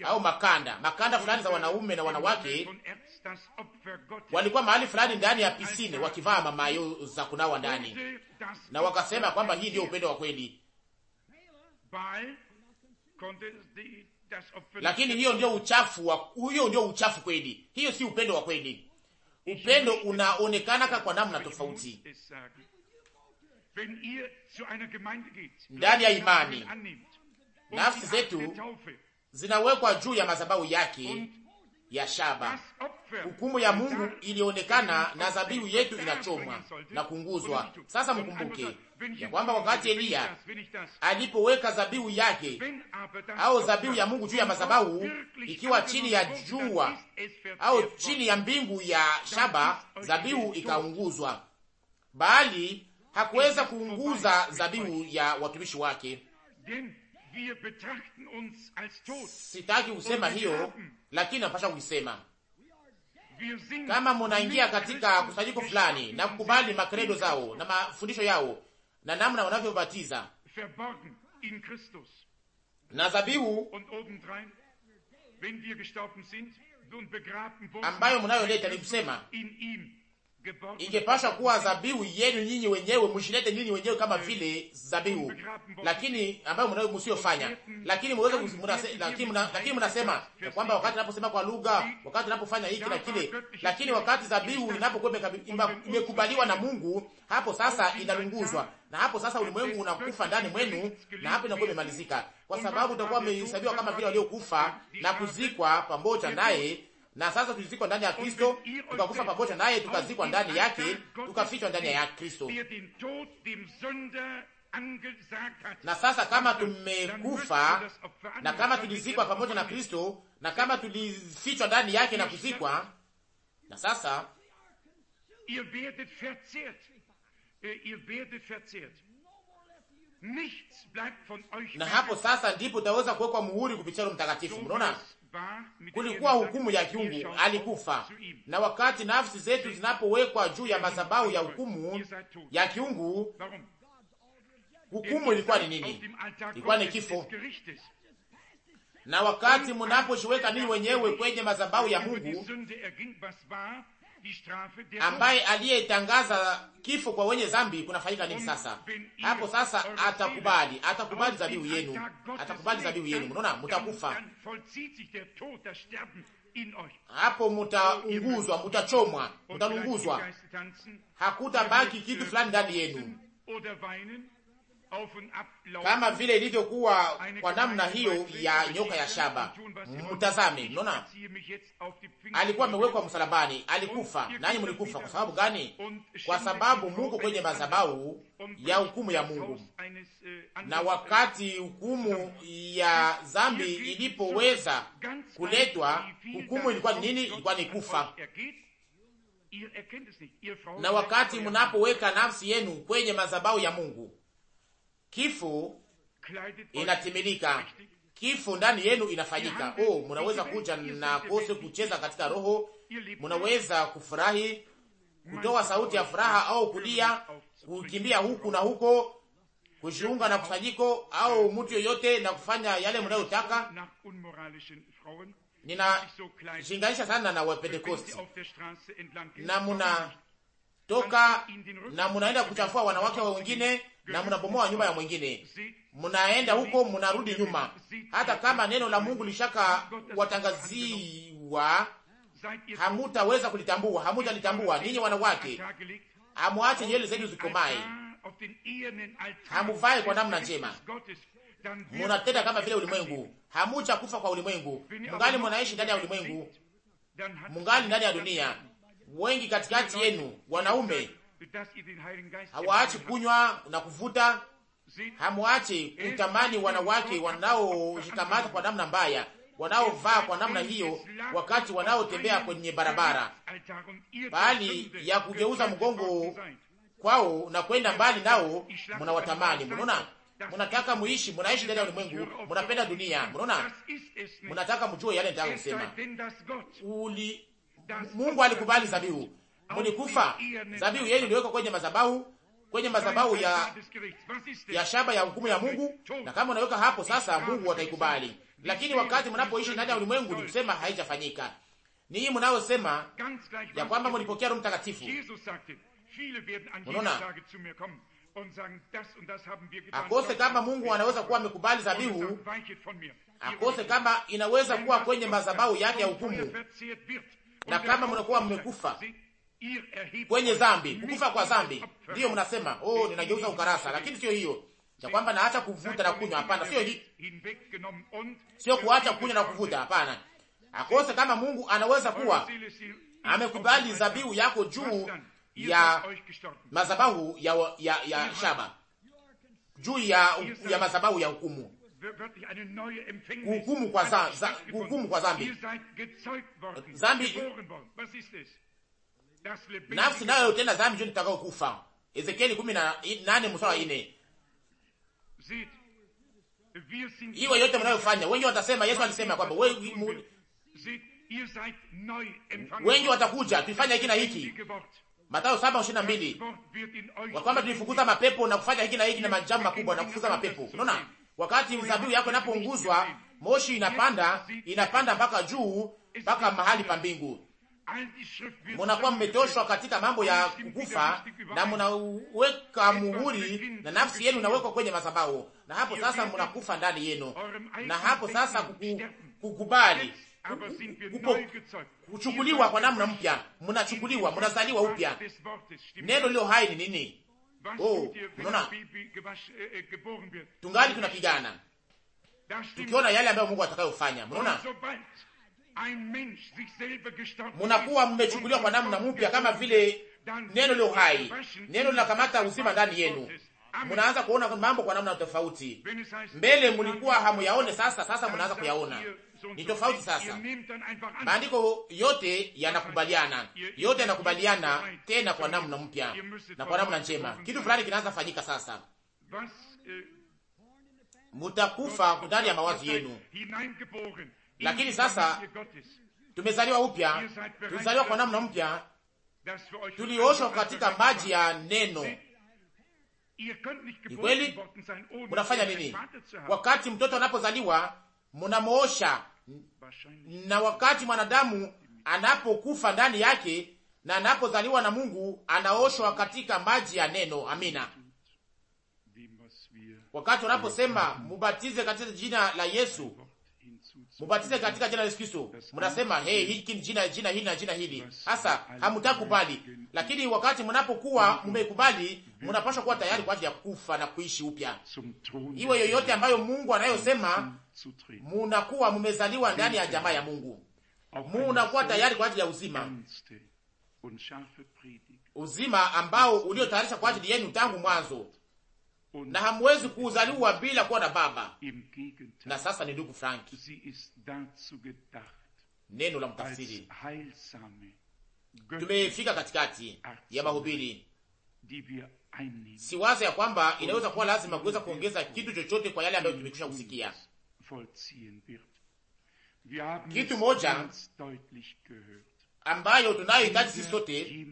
au makanda makanda fulani za wanaume na wanawake walikuwa mahali fulani ndani ya pisine wakivaa mamayo za kunawa ndani, na wakasema kwamba hii ndio upendo wa kweli. Lakini hiyo ndio uchafu wa, hiyo ndio uchafu kweli, hiyo si upendo wa kweli upendo unaonekana kwa namna tofauti ndani ya imani. Nafsi zetu zinawekwa juu ya madhabahu yake ya shaba. Hukumu ya Mungu ilionekana na zabihu yetu inachomwa na kunguzwa. Sasa mkumbuke ya kwamba wakati Eliya alipoweka zabihu yake au zabihu ya Mungu juu ya mazabahu, ikiwa chini ya jua au chini ya mbingu ya shaba, zabihu ikaunguzwa, bali hakuweza kuunguza zabihu ya watumishi wake. Sitaki kusema hiyo lakini napasha kuisema. Kama munaingia katika kusanyiko fulani na kukubali makredo zao na mafundisho yao na namna wanavyobatiza na zabihu ambayo mnayoleta ni kusema ingepasha kuwa zabihu yenu nyinyi wenyewe, mshilete nyinyi wenyewe kama vile zabihu, lakini ambayo mnayo msiyofanya. Lakini mweze lakini mna, lakini mnasema kwamba wakati naposema kwa lugha, wakati napofanya hiki na kile, lakini wakati zabihu inapokuwa imekubaliwa na Mungu, hapo sasa inalunguzwa na hapo sasa ulimwengu unakufa ndani mwenu, na hapo inakuwa imemalizika, kwa sababu utakuwa umehesabiwa kama vile waliokufa na kuzikwa pamoja naye na sasa tulizikwa ndani ya Kristo, tukakufa pamoja naye, tukazikwa ndani yake, tukafichwa ndani ya Kristo. Na sasa kama tumekufa na kama tulizikwa pamoja na Kristo na kama tulifichwa ndani yake na kuzikwa, na sasa äh, na hapo sasa ndipo utaweza kuwekwa muhuri kupitia Roho Mtakatifu. Mnaona kulikuwa hukumu ya kiungu, alikufa. Na wakati nafsi zetu zinapowekwa juu ya madhabahu ya hukumu ya kiungu, hukumu ilikuwa ni nini? Ilikuwa ni kifo. Na wakati munapojiweka ninyi wenyewe kwenye madhabahu ya Mungu ambaye aliyetangaza kifo kwa wenye zambi kunafanyika nini sasa? Hapo sasa atakubali, atakubali zabihu yenu, atakubali zabihu yenu. Mnaona, mtakufa hapo, mtaunguzwa, mtachomwa, mtalunguzwa, hakutabaki kitu fulani ndani yenu kama vile ilivyokuwa kwa namna hiyo ya nyoka ya shaba. Mm-hmm. Mtazame, mnaona alikuwa amewekwa msalabani, alikufa. Nanyi mlikufa kwa sababu gani? Kwa sababu muko kwenye madhabahu ya hukumu ya Mungu, uh, na wakati hukumu ya zambi ilipoweza kuletwa, hukumu ilikuwa ni nini? Ilikuwa ni kufa na wakati mnapoweka nafsi yenu kwenye madhabahu ya Mungu kifo inatimilika, kifo ndani yenu inafanyika. Oh, mnaweza kuja na kose kucheza katika roho, mnaweza kufurahi, kutoa sauti ya furaha au kulia, kukimbia huku na huko, kujiunga na kusanyiko au mtu yoyote na kufanya yale mnayotaka. Ninashinganisha sana na Wapentekosti na munatoka na munaenda kuchafua wanawake wa wengine na mnabomoa nyumba ya mwingine, mnaenda huko, mnarudi nyuma, hata kama neno la Mungu lishaka watangaziwa, hamutaweza kulitambua, hamutalitambua ninyi wanawake. amwache nywele zenu zikomae, hamuvae kwa namna njema, munatenda kama vile ulimwengu. Hamucha kufa kwa ulimwengu, mungali munaishi ndani ya ulimwengu, mungali ndani ya dunia. Wengi katikati yenu wanaume hawaachi kunywa na kuvuta, hamwache kutamani wanawake wanaoshikamata kwa namna mbaya, wanaovaa kwa namna hiyo, wakati wanaotembea kwenye barabara, bali ya kugeuza mgongo kwao na kwenda mbali nao, mnawatamani. Mnaona, mnataka muishi, mnaishi ndani ya ulimwengu, mnapenda dunia. Mnaona, mnataka mjue yale nitaka kusema. Uli Mungu alikubali zabihu mulikufa. Zabihu yenu iliwekwa kwenye madhabahu, kwenye madhabahu ya ya shaba ya hukumu ya Mungu, na kama unaweka hapo sasa, Mungu ataikubali. Lakini wakati mnapoishi ndani ya ulimwengu, ni kusema haijafanyika. Ni hii mnayosema ya kwamba mlipokea Roho Mtakatifu. Unaona, akose kama Mungu anaweza kuwa amekubali zabihu, akose kama inaweza kuwa kwenye madhabahu yake ya hukumu, na kama mnakuwa mmekufa kwenye zambi, kukufa kwa zambi. Ndiyo mnasema oh, ninageuza ukarasa, lakini sio hiyo ya kwamba naacha kuvuta na kunywa. Hapana, sio hii, sio kuacha kunywa na kuvuta. Hapana, akose kama Mungu anaweza kuwa amekubali zabihu yako juu ya mazabahu ya, ya, ya, ya shaba juu ya, ya mazabahu ya hukumu hukumu kwa, za, za, hukumu kwa zambi zambi nafsi nayo tena dhambi ndio nitakao kufa. Ezekieli 18 mstari wa 4. Hiyo yote mnayofanya, wengi watasema Yesu alisema kwamba wengi watakuja tuifanye hiki na hiki, Mathayo 7:22, kwamba tulifukuza mapepo na kufanya hiki na hiki na majambo makubwa na kufukuza mapepo. Unaona, wakati mzabibu yako inapounguzwa moshi inapanda inapanda mpaka juu mpaka mahali pa mbinguni munakuwa mmetoshwa katika mambo ya kukufa na munaweka muhuri na nafsi yenu nawekwa kwenye mazabao, na hapo sasa munakufa ndani yenu, na hapo sasa kukubali kuko kuchukuliwa kwa namna mpya, mnachukuliwa, mnazaliwa upya. Neno lilo hai ni nini? Oh, unaona, tungali tunapigana tukiona yale ambayo Mungu atakayofanya. Mnaona, munakuwa mmechukuliwa kwa namna mpya, kama vile neno lio hai, neno linakamata uzima ndani yenu. Munaanza kuona mambo kwa namna tofauti. Mbele mulikuwa hamuyaone, sasa sasa munaanza kuyaona, ni tofauti sasa. Maandiko yote yanakubaliana, yote yanakubaliana tena kwa namna mpya na kwa namna njema. Kitu fulani kinaanza fanyika sasa. Uh, Mutakufa ndani ya mawazo yenu lakini sasa tumezaliwa upya, tulizaliwa kwa namna mpya, tulioshwa katika maji ya neno. Ni kweli. Mnafanya nini wakati mtoto anapozaliwa? Mnamoosha. na wakati mwanadamu anapokufa ndani yake na anapozaliwa na Mungu anaoshwa katika maji ya neno. Amina. Wakati wanaposema mubatize katika jina la Yesu, mubatize katika jina la Yesu Kristo. Mnasema hey, hiki ni jina jina hili na jina hili hasa, hamtakubali. Lakini wakati mnapokuwa mmekubali, mm-hmm. mnapaswa mm-hmm. kuwa tayari kwa ajili ya kufa na kuishi upya, iwe yoyote ambayo Mungu anayosema. Munakuwa mmezaliwa ndani ya jamaa ya Mungu, munakuwa tayari kwa ajili ya uzima, uzima ambao uliotayarisha kwa ajili yenu tangu mwanzo na hamwezi kuzaliwa bila kuwa na baba. Na sasa ni ndugu Frank, neno la mtafsiri. Tumefika katikati ya mahubiri, si waza ya kwamba inaweza kuwa lazima kuweza kuongeza kitu chochote kwa yale ambayo tumekwisha kusikia. Kitu moja ambayo tunayohitaji sisi sote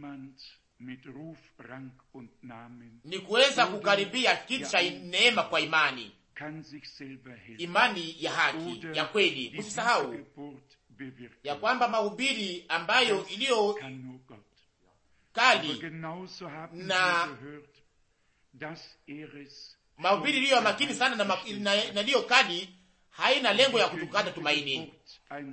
ni kuweza kukaribia kiti cha neema kwa imani, imani ya haki ya kweli. Usisahau ya kwamba mahubiri ambayo iliyo kali na mahubiri iliyo makini sana na iliyo kali haina lengo ya kutukata tumaini,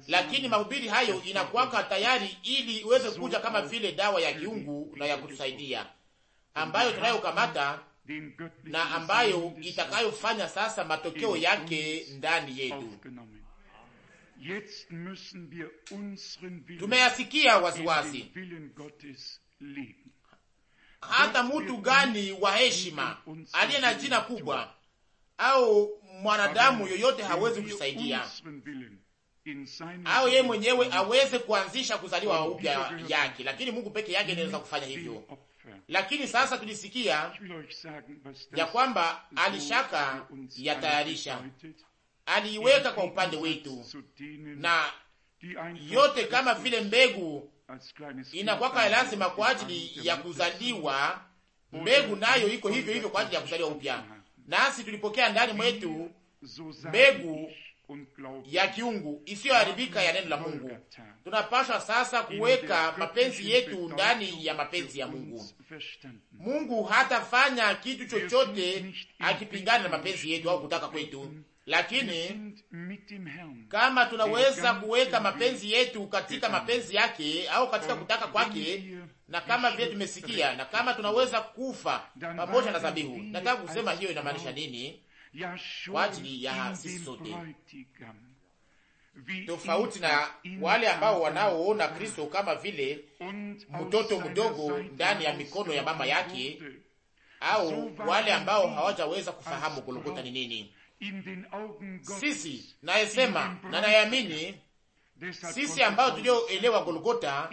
lakini mahubiri hayo inakuwaka tayari ili uweze kuja kama vile dawa ya kiungu na ya kutusaidia ambayo tunayokamata na ambayo itakayofanya sasa matokeo yake ndani yetu. Tumeyasikia wasiwasi hata mtu gani wa heshima aliye na jina kubwa au mwanadamu yoyote hawezi kusaidia au yeye mwenyewe aweze kuanzisha kuzaliwa upya yake, lakini Mungu peke yake anaweza kufanya hivyo. Lakini sasa tulisikia ya kwamba alishaka yatayarisha, aliiweka kwa upande wetu, na yote kama vile mbegu inakwaka lazima kwa ajili ya kuzaliwa. Mbegu nayo iko hivyo hivyo kwa ajili ya kuzaliwa upya nasi tulipokea ndani mwetu mbegu ya kiungu isiyoharibika ya neno la Mungu. Tunapaswa sasa kuweka mapenzi yetu ndani ya mapenzi ya Mungu. Mungu hatafanya kitu chochote akipingana na mapenzi yetu au kutaka kwetu, lakini kama tunaweza kuweka mapenzi yetu katika mapenzi yake au katika kutaka kwake, na kama vile tumesikia na kama tunaweza kufa pamoja na zabihu Nataka kusema hiyo inamaanisha nini kwa ajili ya sisi sote, tofauti na wale ambao wanaoona Kristo kama vile mtoto mdogo ndani ya mikono ya mama yake, au wale ambao hawajaweza kufahamu Golgota ni nini. Sisi nayesema na nayamini, sisi ambao tulioelewa Golgota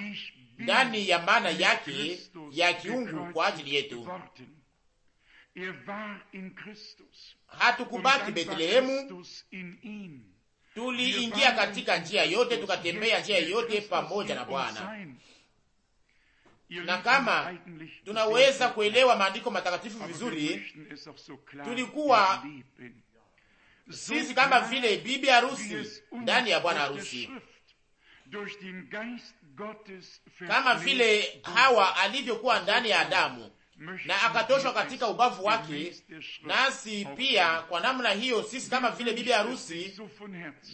ndani ya maana yake ya kiungu kwa ajili yetu. Er Hatukubaki Betlehemu, tuliingia katika njia yote, tukatembea njia yote pamoja na Bwana. Na kama tunaweza kuelewa maandiko matakatifu vizuri, tulikuwa sisi kama vile bibi harusi ndani ya bwana harusi kama vile Hawa alivyokuwa ndani ya Adamu na akatoshwa katika ubavu wake, nasi pia kwa namna hiyo sisi kama vile bibi harusi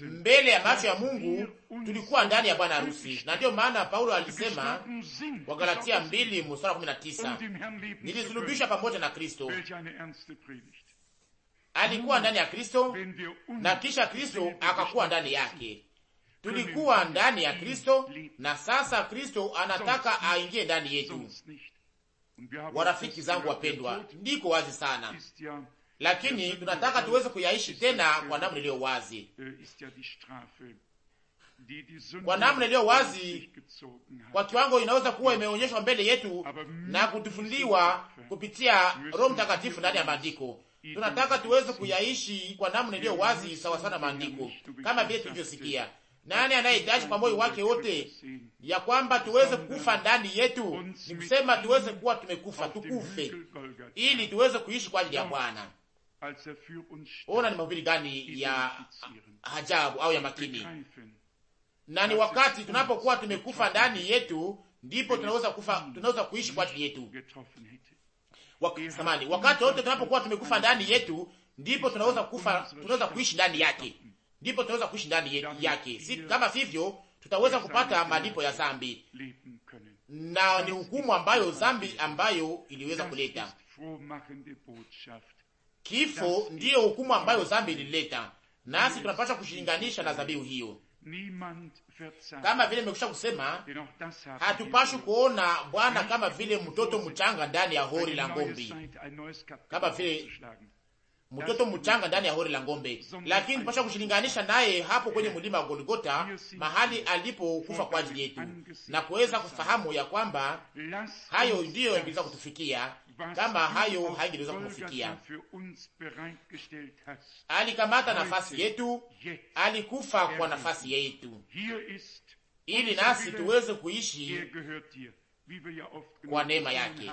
mbele ya macho ya Mungu tulikuwa ndani ya bwana harusi. Na ndiyo maana Paulo alisema wa Galatia 2 mstari 19, nilisulubishwa pamoja na Kristo. Alikuwa ndani ya Kristo na kisha Kristo akakuwa ndani yake. Tulikuwa ndani ya Kristo na sasa Kristo anataka aingie ndani yetu. Warafiki zangu wapendwa, ndiko wazi sana, lakini tunataka tuweze kuyaishi tena kwa namna iliyo wazi, kwa namna iliyo wazi, kwa kiwango inaweza kuwa imeonyeshwa mbele yetu na kutufundiwa kupitia Roho Mtakatifu ndani ya Maandiko. Tunataka tuweze kuyaishi kwa namna iliyo wazi, sawasawa na Maandiko, kama vile tulivyosikia nani anayehitaji kwa moyo wake wote ya kwamba tuweze kufa ndani yetu? Ni kusema tuweze kuwa tumekufa, tukufe ili tuweze kuishi kwa ajili ya Bwana. Ona ni mahubiri gani ya ajabu au ya makini! Na ni wakati tunapokuwa tumekufa ndani yetu, ndipo tunaweza kufa, tunaweza kuishi kwa ajili yetu. wakati wote tunapokuwa tumekufa ndani yetu, ndipo tunaweza kufa, tunaweza kuishi ndani yake ndipo tunaweza kuishi ndani yaani, yake, si kama sivyo tutaweza kupata malipo ya zambi, na ni hukumu ambayo zambi ambayo iliweza kuleta kifo, ndiyo hukumu ambayo zambi ilileta, nasi tunapaswa kushilinganisha na zabihu hiyo. Kama vile nimekusha kusema, hatupashi kuona Bwana kama vile mtoto mchanga ndani ya hori la ng'ombe, kama vile mtoto mchanga ndani ya hori la ng'ombe, lakini pasha kushilinganisha naye hapo kwenye mlima wa Golgota, mahali alipokufa kwa ajili yetu, na kuweza kufahamu ya kwamba hayo ndiyo ingeweza kutufikia kama hayo haingeweza kumfikia. Alikamata nafasi yetu, alikufa kwa nafasi yetu, ili nasi tuweze kuishi kwa neema yake.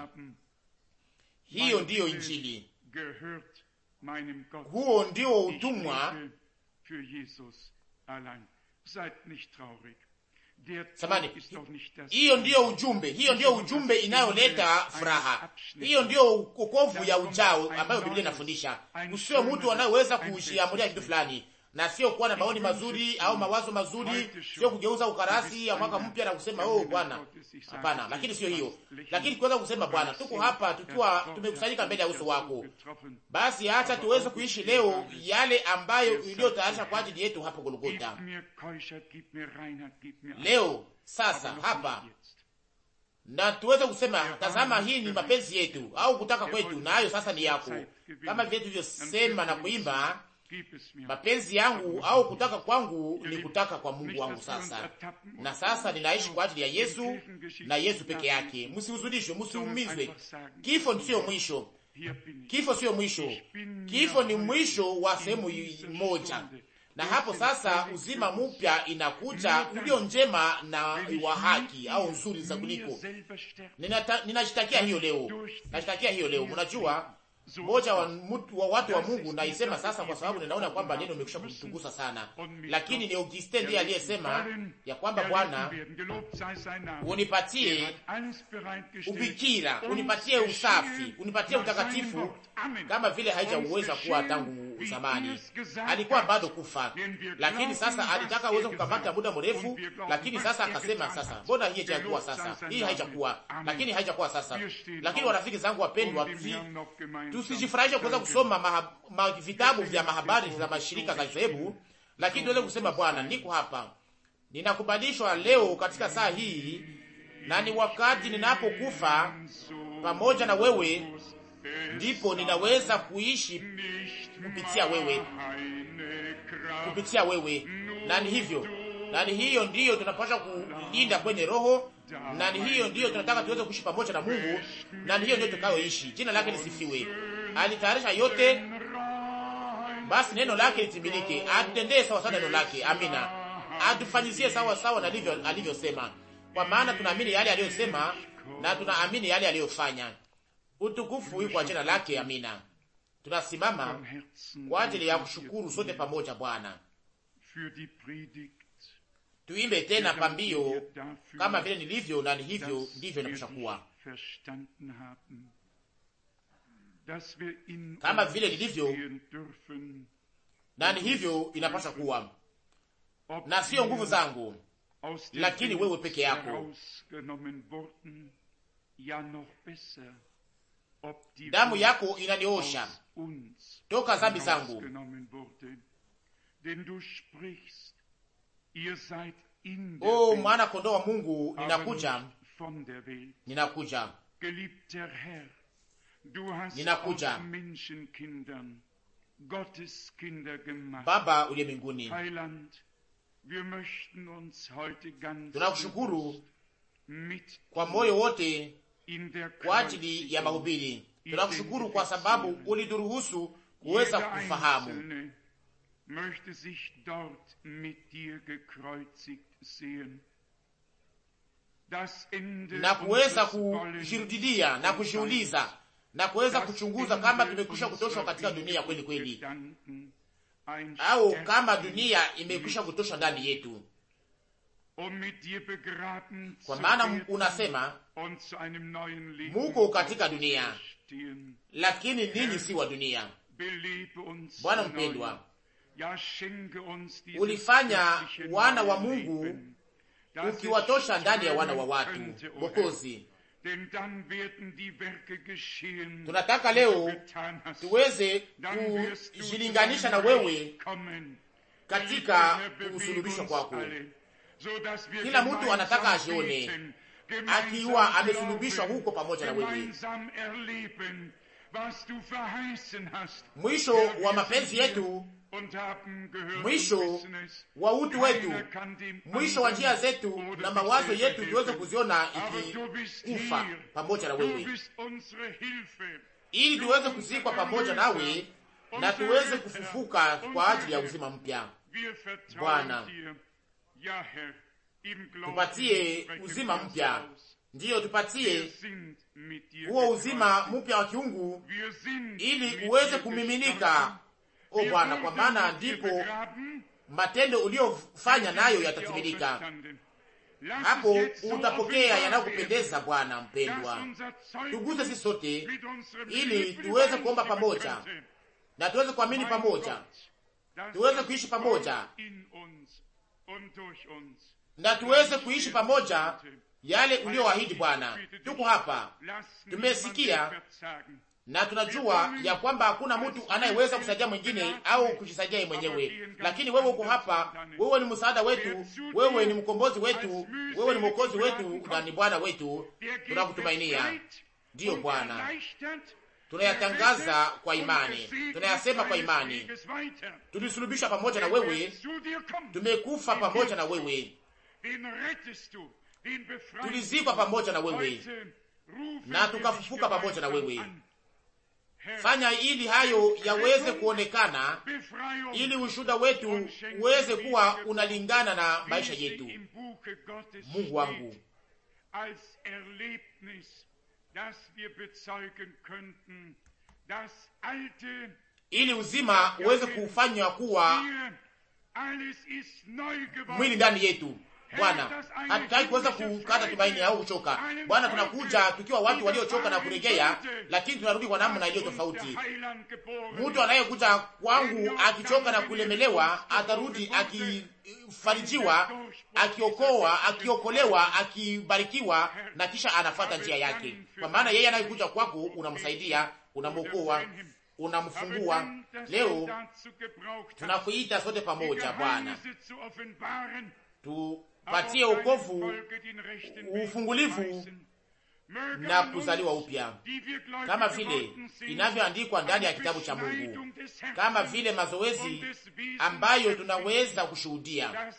Hiyo ndiyo Injili huo ndio utumwa. Samani, hiyo ndiyo ujumbe, hiyo ndiyo ujumbe inayoleta furaha, hiyo ndiyo ukovu ya ujao ambayo Biblia inafundisha. Usiwe mtu anayeweza kujiamulia kitu fulani na sio kuwa na maoni mazuri au mawazo mazuri, sio kugeuza ukarasi ya mwaka mpya na kusema oh Bwana, hapana, lakini sio hiyo, lakini kuweza kusema Bwana, tuko hapa tukiwa tumekusanyika mbele ya uso wako, basi hata tuweze kuishi leo yale ambayo iliyotayarisha kwa ajili yetu hapo Golgotha leo sasa hapa na tuweze kusema tazama, hii ni mapenzi yetu au kutaka kwetu, na hayo sasa ni yako, kama vile tulivyosema na kuimba Mapenzi yangu au kutaka kwangu ni kutaka kwa Mungu wangu sasa, na sasa ninaishi kwa ajili ya Yesu na Yesu peke yake. Msihuzunishwe, msiumizwe. Kifo sio mwisho, kifo siyo mwisho. Kifo ni mwisho wa sehemu moja, na hapo sasa uzima mpya inakuja ulio njema na wa haki au nzuri za kuliko. Ninajitakia hiyo leo, najitakia hiyo leo. Mnajua moja wa, wa watu wa Mungu naisema sasa, kwa sababu ninaona kwamba neno imekwisha kutugusa sana, lakini ni Augustine ndiye aliyesema ya kwamba Bwana, unipatie ubikira, unipatie usafi, unipatie utakatifu kama vile haijauweza kuwa tangu zamani alikuwa bado kufa, lakini sasa alitaka aweze kukamata muda mrefu, lakini sasa akasema, sasa mbona hii haijakuwa, sasa hii haijakuwa, lakini haijakuwa sasa. Lakini warafiki zangu wapendwa, tusijifurahishe kuweza kusoma maha, ma, vitabu vya mahabari za mashirika za kizehebu, lakini tuweze kusema Bwana, niko hapa, ninakubadilishwa leo katika saa hii, na ni wakati ninapokufa pamoja na wewe ndipo ninaweza kuishi kupitia wewe, kupitia wewe. Na ni hivyo, na ni hiyo ndiyo tunapaswa kulinda kwenye roho, na ni hiyo ndiyo tunataka tuweze kuishi pamoja na Mungu, na ni hiyo ndiyo tutakayoishi. Jina lake lisifiwe. Alitayarisha yote, basi neno lake litimilike. Atendee sawa sawa neno lake. Amina, atufanyizie sawa sawa na alivyo alivyosema, kwa maana tunaamini yale aliyosema na tunaamini yale aliyofanya. Utukufu uko kwa jina lake. Amina tunasimama kwa ajili ya kushukuru sote pamoja Bwana. Tuimbe tena pambio kama vile nilivyo na ni hivyo ndivyo inakushakuwa, kama vile nilivyo na ni hivyo inapasha kuwa, na siyo nguvu zangu, lakini wewe peke yako damu yako inaniosha toka zambi zangu. O mwana kondoo wa Mungu, ninakuja, ninakuja, ninakuja. Baba uliye mbinguni, tunakushukuru kwa moyo wote kwa ajili ya mahubiri. Tunakushukuru kwa sababu ulituruhusu kuweza kufahamu na kuweza kushirudilia na kujiuliza na kuweza kuchunguza kama tumekwisha kutoshwa katika dunia kweli kweli, au kama dunia imekwisha kutoshwa ndani yetu. Um kwa maana unasema muko katika dunia lakini ninyi si wa dunia. Bwana mpendwa, ulifanya wana wa Mungu ukiwatosha ndani ya wana wa watu. Mwokozi, tunataka leo tuweze kujilinganisha na wewe katika kusulubishwa kwako kila mtu anataka ajione akiwa amesulubishwa huko pamoja na wewe. Mwisho wa mapenzi yetu, mwisho wa utu wetu, mwisho wa njia zetu na mawazo yetu, tuweze kuziona ikikufa pamoja na wewe, ili tuweze kuzikwa pamoja nawe na tuweze kufufuka kwa ajili ya uzima mpya, Bwana tupatie uzima mpya, ndiyo tupatie huo uzima mpya wa kiungu, ili uweze kumiminika, o Bwana, kwa maana ndipo matendo uliyofanya nayo yatatimilika. Hapo utapokea yanayokupendeza, Bwana mpendwa. Tuguze sisi sote, ili tuweze kuomba pamoja na tuweze kuamini pamoja, tuweze kuishi pamoja na tuweze kuishi pamoja yale uliyoahidi Bwana. Tuko hapa, tumesikia na tunajua ya kwamba hakuna mtu anayeweza kusaidia mwingine au kujisaidia yeye mwenyewe, lakini wewe uko hapa, wewe ni msaada wetu, wewe ni mkombozi wetu, wewe ni mwokozi wetu na ni Bwana wetu, tunakutumainia. Ndiyo Bwana, tunayatangaza kwa imani, tunayasema kwa imani. Tulisulubishwa pamoja na wewe, tumekufa pamoja na wewe, tulizikwa pamoja na wewe na tukafufuka pamoja na wewe. Fanya ili hayo yaweze kuonekana, ili ushuda wetu uweze kuwa unalingana na maisha yetu. Mungu wangu ili uzima uweze kufanywa kuwa mwili ndani yetu. Bwana, hatutaki kuweza kukata tumaini au kuchoka. Bwana, tunakuja tukiwa watu waliochoka na kuregea, lakini tunarudi kwa namna iliyo tofauti. Mtu anayekuja kwangu akichoka na kulemelewa atarudi aki farijiwa, akiokoa, akiokolewa, akibarikiwa, na kisha anafuata njia yake, kwa maana yeye anayekuja kwako unamsaidia, unamwokoa, unamfungua. Leo tunakuita sote pamoja, Bwana, tupatie ukovu, ufungulivu na kuzaliwa upya, kama vile inavyoandikwa ndani ya kitabu cha Mungu, kama vile mazoezi ambayo tunaweza kushuhudia.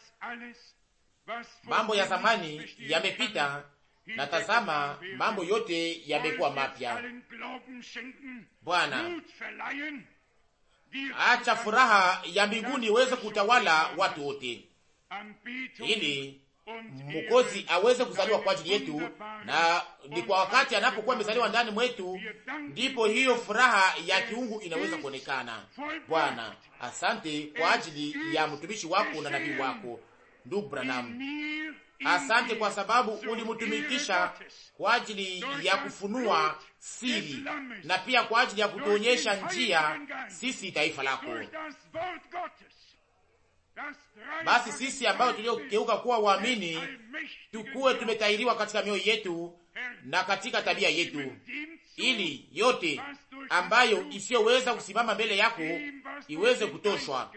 Mambo ya zamani yamepita, na tazama, mambo yote yamekuwa mapya. Bwana, acha furaha ya mbinguni iweze kutawala watu wote, ili mwokozi aweze kuzaliwa kwa ajili yetu, na ni kwa wakati anapokuwa amezaliwa ndani mwetu, ndipo hiyo furaha ya kiungu inaweza kuonekana. Bwana, asante kwa ajili ya mtumishi wako na nabii wako ndugu Branham. Asante kwa sababu ulimtumikisha kwa ajili ya kufunua siri na pia kwa ajili ya kutuonyesha njia sisi taifa lako basi sisi ambayo tuliogeuka kuwa waamini tukuwe tumetahiriwa katika mioyo yetu na katika tabia yetu, ili yote ambayo isiyoweza kusimama mbele yako iweze kutoshwa.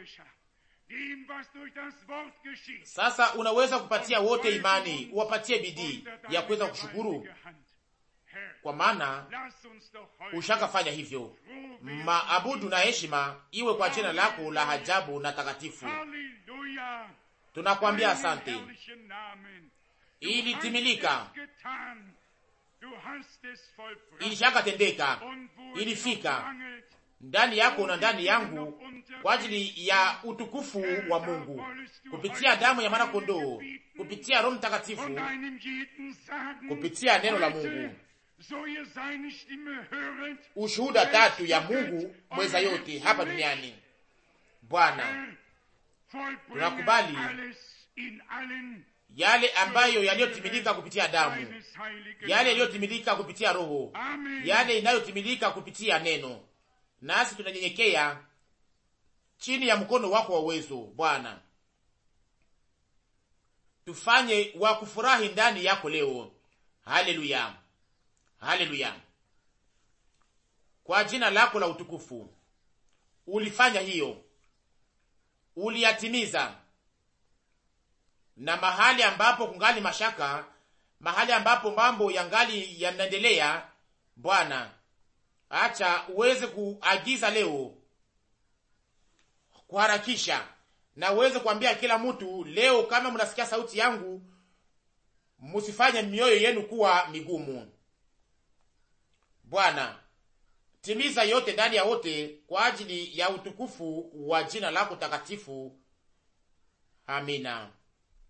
Sasa unaweza kupatia wote imani, uwapatie bidii ya kuweza kushukuru kwa maana ushakafanya hivyo. Maabudu na heshima iwe kwa jina lako la ajabu na takatifu. Tunakwambia asante, ilitimilika, ilishakatendeka, ilifika ndani yako na ndani yangu kwa ajili ya utukufu wa Mungu kupitia damu ya mwana kondoo, kupitia Roho Mtakatifu, kupitia neno la Mungu ushuhuda tatu ya Mungu mweza yote hapa duniani. Bwana, er tunakubali yale ambayo yaliyotimilika kupitia damu, yale yaliyotimilika kupitia Roho, yale inayotimilika kupitia neno, nasi tunanyenyekea chini ya mkono wako wa uwezo Bwana, tufanye wakufurahi ndani yako leo. Haleluya! Haleluya! Kwa jina lako la utukufu ulifanya hiyo, uliyatimiza. Na mahali ambapo kungali mashaka, mahali ambapo mambo yangali yanaendelea, Bwana, acha uweze kuagiza leo kuharakisha, na uweze kuambia kila mtu leo, kama mnasikia sauti yangu, msifanye mioyo yenu kuwa migumu. Bwana, timiza yote ndani ya wote kwa ajili ya utukufu wa jina lako takatifu. Amina.